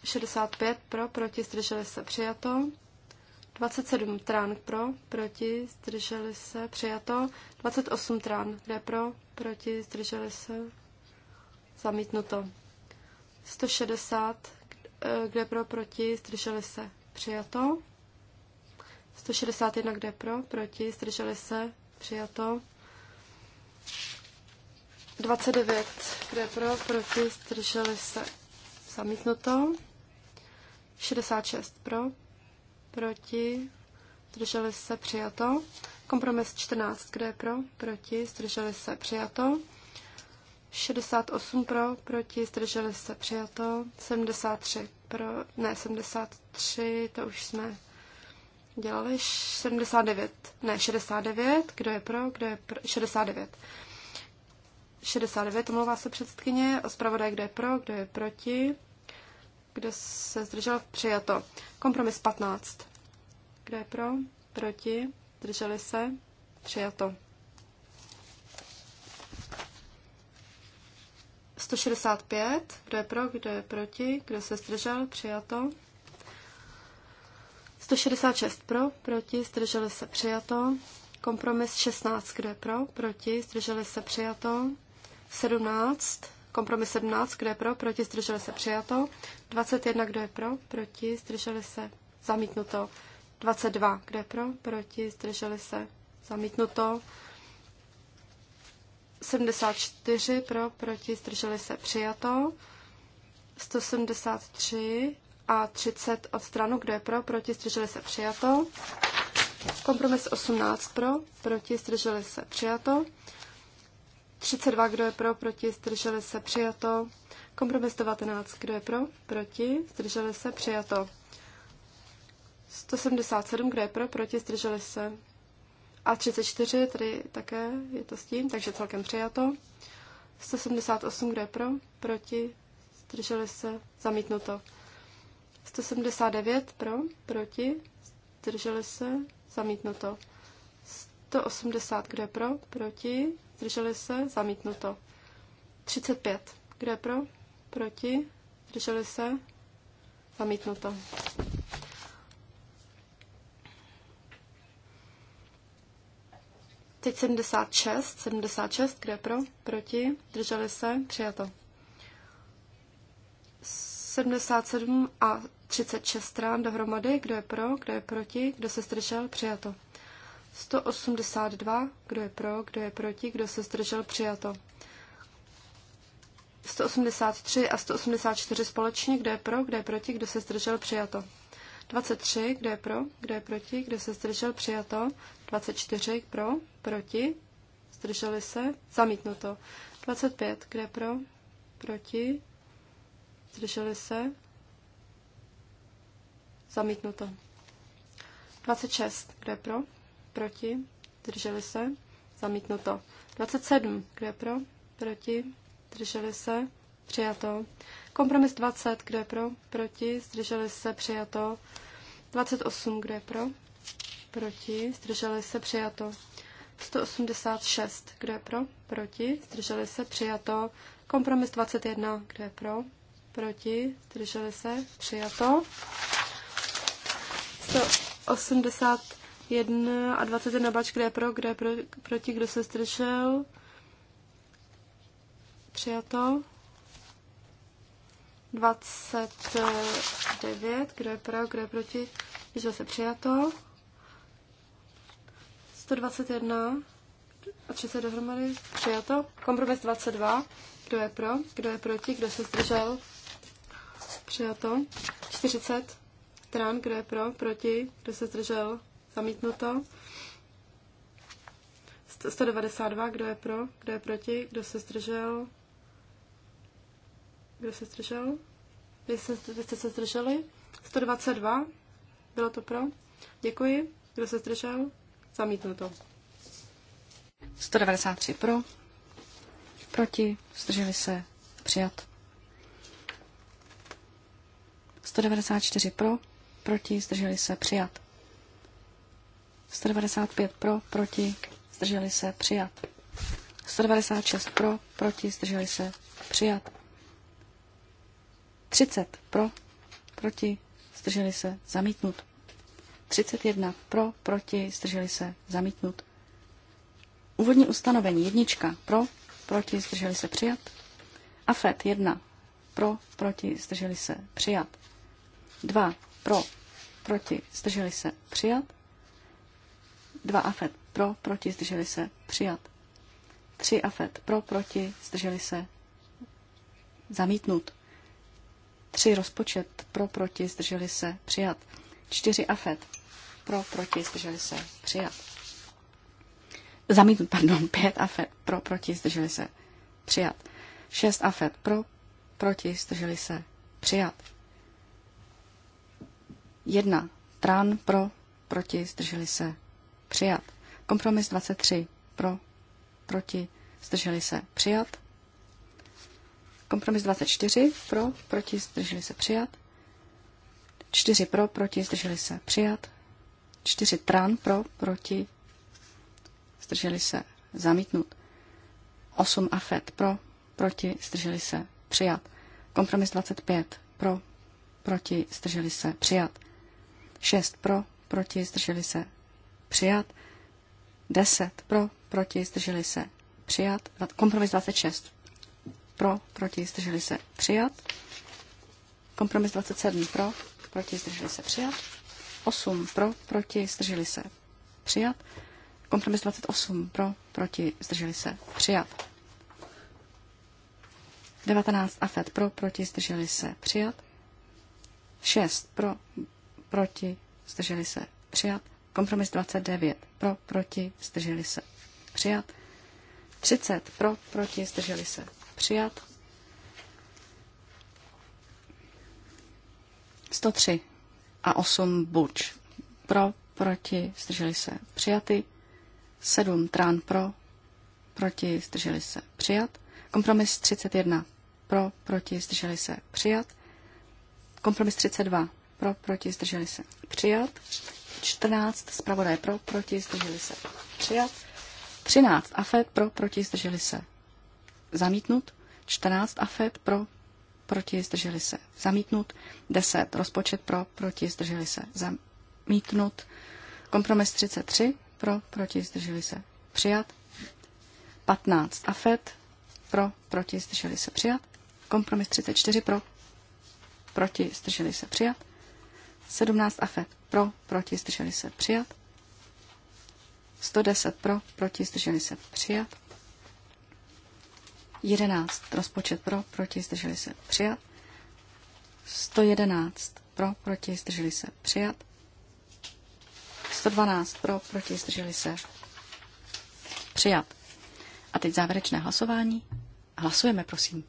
65 pro, proti, zdrželi se, přijato. 27 trán pro, proti, zdrželi se, přijato. 28 trán, kde pro, proti, zdrželi se, Zamítnuto. 160, kde pro, proti, zdrželi se. Přijato. 161, kde pro, proti, zdrželi se. Přijato. 29, kde pro, proti, zdrželi se. Zamítnuto. 66 pro, proti, zdrželi se přijato. Kompromis 14, kde pro, proti, zdrželi se přijato. 68 pro, proti, zdrželi se přijato. 73 pro, ne, 73, to už jsme dělali. 79, ne, 69, kdo je pro, kdo je pro, 69. 69, omlouvá se předsedkyně, o zpravodaj, kdo je pro, kdo je proti, kdo se zdržel, přijato. Kompromis 15. Kdo je pro, proti, zdrželi se, přijato. 165, kdo je pro, kdo je proti, kdo se zdržel, přijato. 166 pro, proti, zdrželi se, přijato. Kompromis 16, kdo je pro, proti, zdrželi se, přijato. 17, kompromis 17, kdo je pro, proti, zdrželi se, přijato. 21, kdo je pro, proti, zdrželi se, zamítnuto. 22, kdo je pro, proti, zdrželi se, zamítnuto. 74 pro, proti, zdrželi se přijato. 173 a 30 od stranu, kdo je pro, proti, zdrželi se přijato. Kompromis 18 pro, proti, zdrželi se přijato. 32, kdo je pro, proti, zdrželi se přijato. Kompromis 19, kdo je pro, proti, zdrželi se přijato. 177, kdo je pro, proti, zdrželi se a 34, tady také je to s tím, takže celkem přijato. 178, kdo je pro, proti, zdrželi se, zamítnuto. 179 pro, proti, zdrželi se, zamítnuto. 180, kdo je pro, proti, zdrželi se, zamítnuto. 35, kdo je pro, proti, zdrželi se, zamítnuto. Teď 76, 76, kde pro, proti, drželi se, přijato. 77 a 36 strán dohromady, kdo je pro, kdo je proti, kdo se zdržel, přijato. 182, kdo je pro, kdo je proti, kdo se zdržel, přijato. 183 a 184 společně, kdo je pro, kdo je proti, kdo se zdržel, přijato. 23, kdo je pro, kdo je proti, kdo se zdržel, přijato. 24, pro, proti, zdrželi se, zamítnuto. 25, kde pro, proti, zdrželi se, zamítnuto. 26, kde pro, proti, zdrželi se, zamítnuto. 27, kde pro, proti, zdrželi se, přijato. Kompromis 20, kdo je pro? Proti, zdrželi se, přijato. 28, kdo je pro? Proti, zdrželi se, přijato. 186, kdo je pro? Proti, zdrželi se, přijato. Kompromis 21, kdo je pro? Proti, zdrželi se, přijato. 181 a 21 bač, kde je pro, kde je pro, proti, kdo se zdržel. Přijato. 29, kdo je pro, kdo je proti, zdržel se přijato. 121 a 30 dohromady přijato. Kompromis 22, kdo je pro, kdo je proti, kdo se zdržel, přijato. 40 stran, kdo je pro, proti, kdo se zdržel, zamítnuto. 192, kdo je pro, kdo je proti, kdo se zdržel, kdo se zdržel? Vy, se, vy jste se zdrželi? 122. Bylo to pro? Děkuji. Kdo se zdržel? Zamítnu to. 193 pro. Proti. Zdrželi se. Přijat. 194 pro. Proti. Zdrželi se. Přijat. 195 pro. Proti. Zdrželi se. Přijat. 196 pro. Proti. Zdrželi se. Přijat. 30 pro, proti, zdrželi se, zamítnut. 31 pro, proti, zdrželi se, zamítnut. Úvodní ustanovení jednička pro, proti, zdrželi se, přijat. AFET 1 pro, proti, zdrželi se, přijat. 2 pro, proti, zdrželi se, přijat. 2 AFET pro, proti, zdrželi se, přijat. 3 AFET pro, proti, zdrželi se, zamítnut. 3 rozpočet pro, proti, zdrželi se, přijat. 4 afet pro, proti, zdrželi se, přijat. Zamítnut, pardon, 5 <laughs> afet pro, proti, zdrželi se, přijat. 6 afet pro, proti, zdrželi se, přijat. 1 tran pro, proti, zdrželi se, přijat. Kompromis 23 pro, proti, zdrželi se, přijat. Kompromis 24 pro, proti, zdrželi se přijat. 4 pro, proti, zdrželi se přijat. 4 tran pro, proti, zdrželi se zamítnut. 8 afet pro, proti, zdrželi se přijat. Kompromis 25 pro, proti, zdrželi se přijat. 6 pro, proti, zdrželi se přijat. 10 pro, proti, zdrželi se přijat. Kompromis 26 pro, proti, zdrželi se přijat. Kompromis 27 pro, proti, zdrželi se přijat. 8 pro, proti, zdrželi se přijat. Kompromis 28 pro, proti, zdrželi se přijat. 19 afet pro, proti, zdrželi se přijat. 6 pro, proti, zdrželi se přijat. Kompromis 29 pro, proti, zdrželi se přijat. 30 pro, proti, zdrželi se Přijat. 103 a 8 buč. Pro, proti, zdrželi se. Přijaty. 7 trán pro, proti, zdrželi se. Přijat. Kompromis 31 pro, proti, zdrželi se. Přijat. Kompromis 32 pro, proti, zdrželi se. Přijat. 14 zpravodaj pro, proti, zdrželi se. Přijat. 13 afet pro, proti, zdrželi se zamítnut, 14 afet pro, proti, zdrželi se, zamítnut, 10 rozpočet pro, proti, zdrželi se, zamítnut, kompromis 33 pro, proti, zdrželi se, přijat, 15 afet pro, proti, zdrželi se, přijat, kompromis 34 pro, proti, zdrželi se, přijat, 17 afet pro, proti, zdrželi se, přijat, 110 pro, proti, zdrželi se, přijat, 11. Rozpočet pro, proti, zdrželi se přijat. 111. Pro, proti, zdrželi se přijat. 112. Pro, proti, zdrželi se přijat. A teď závěrečné hlasování. Hlasujeme, prosím.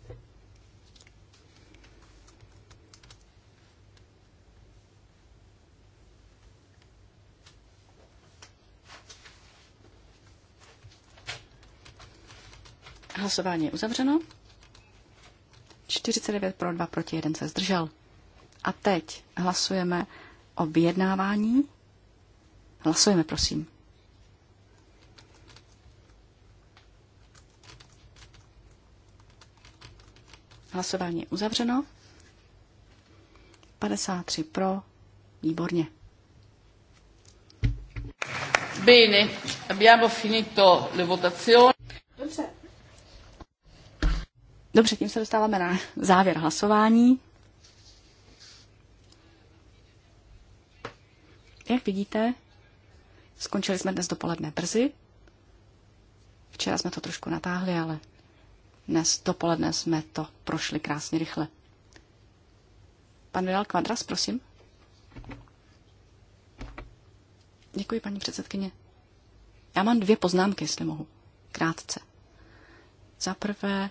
Hlasování je uzavřeno. 49 pro, 2 proti, 1 se zdržel. A teď hlasujeme o vyjednávání. Hlasujeme, prosím. Hlasování je uzavřeno. 53 pro. Výborně. Bene, abbiamo finito le votazioni. Dobře, tím se dostáváme na závěr hlasování. Jak vidíte, skončili jsme dnes dopoledne brzy. Včera jsme to trošku natáhli, ale dnes dopoledne jsme to prošli krásně rychle. Pan Vidal Kvadras, prosím. Děkuji, paní předsedkyně. Já mám dvě poznámky, jestli mohu. Krátce. Za prvé,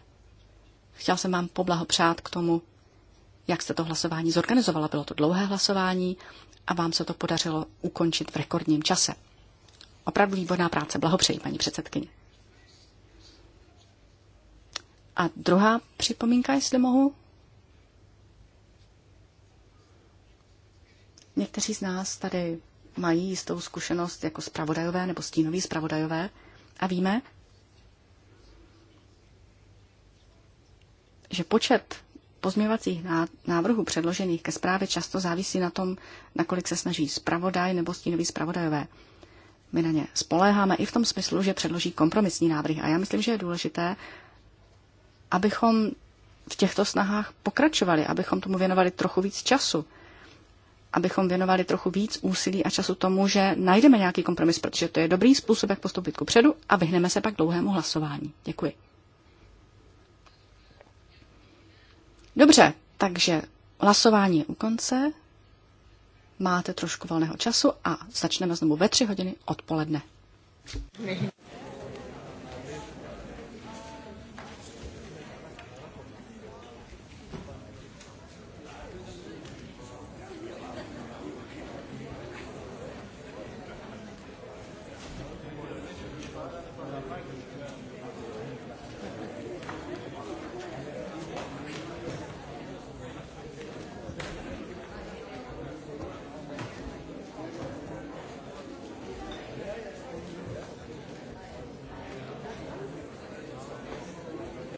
Chtěl jsem vám poblahopřát k tomu, jak jste to hlasování zorganizovala. Bylo to dlouhé hlasování a vám se to podařilo ukončit v rekordním čase. Opravdu výborná práce. Blahopřeji, paní předsedkyně. A druhá připomínka, jestli mohu. Někteří z nás tady mají jistou zkušenost jako spravodajové nebo stínoví spravodajové a víme, že počet pozměvacích návrhů předložených ke zprávě často závisí na tom, nakolik se snaží zpravodaj nebo stínoví zpravodajové. My na ně spoléháme i v tom smyslu, že předloží kompromisní návrhy. A já myslím, že je důležité, abychom v těchto snahách pokračovali, abychom tomu věnovali trochu víc času, abychom věnovali trochu víc úsilí a času tomu, že najdeme nějaký kompromis, protože to je dobrý způsob, jak postoupit ku předu a vyhneme se pak dlouhému hlasování. Děkuji. Dobře, takže hlasování je u konce. Máte trošku volného času a začneme znovu ve tři hodiny odpoledne.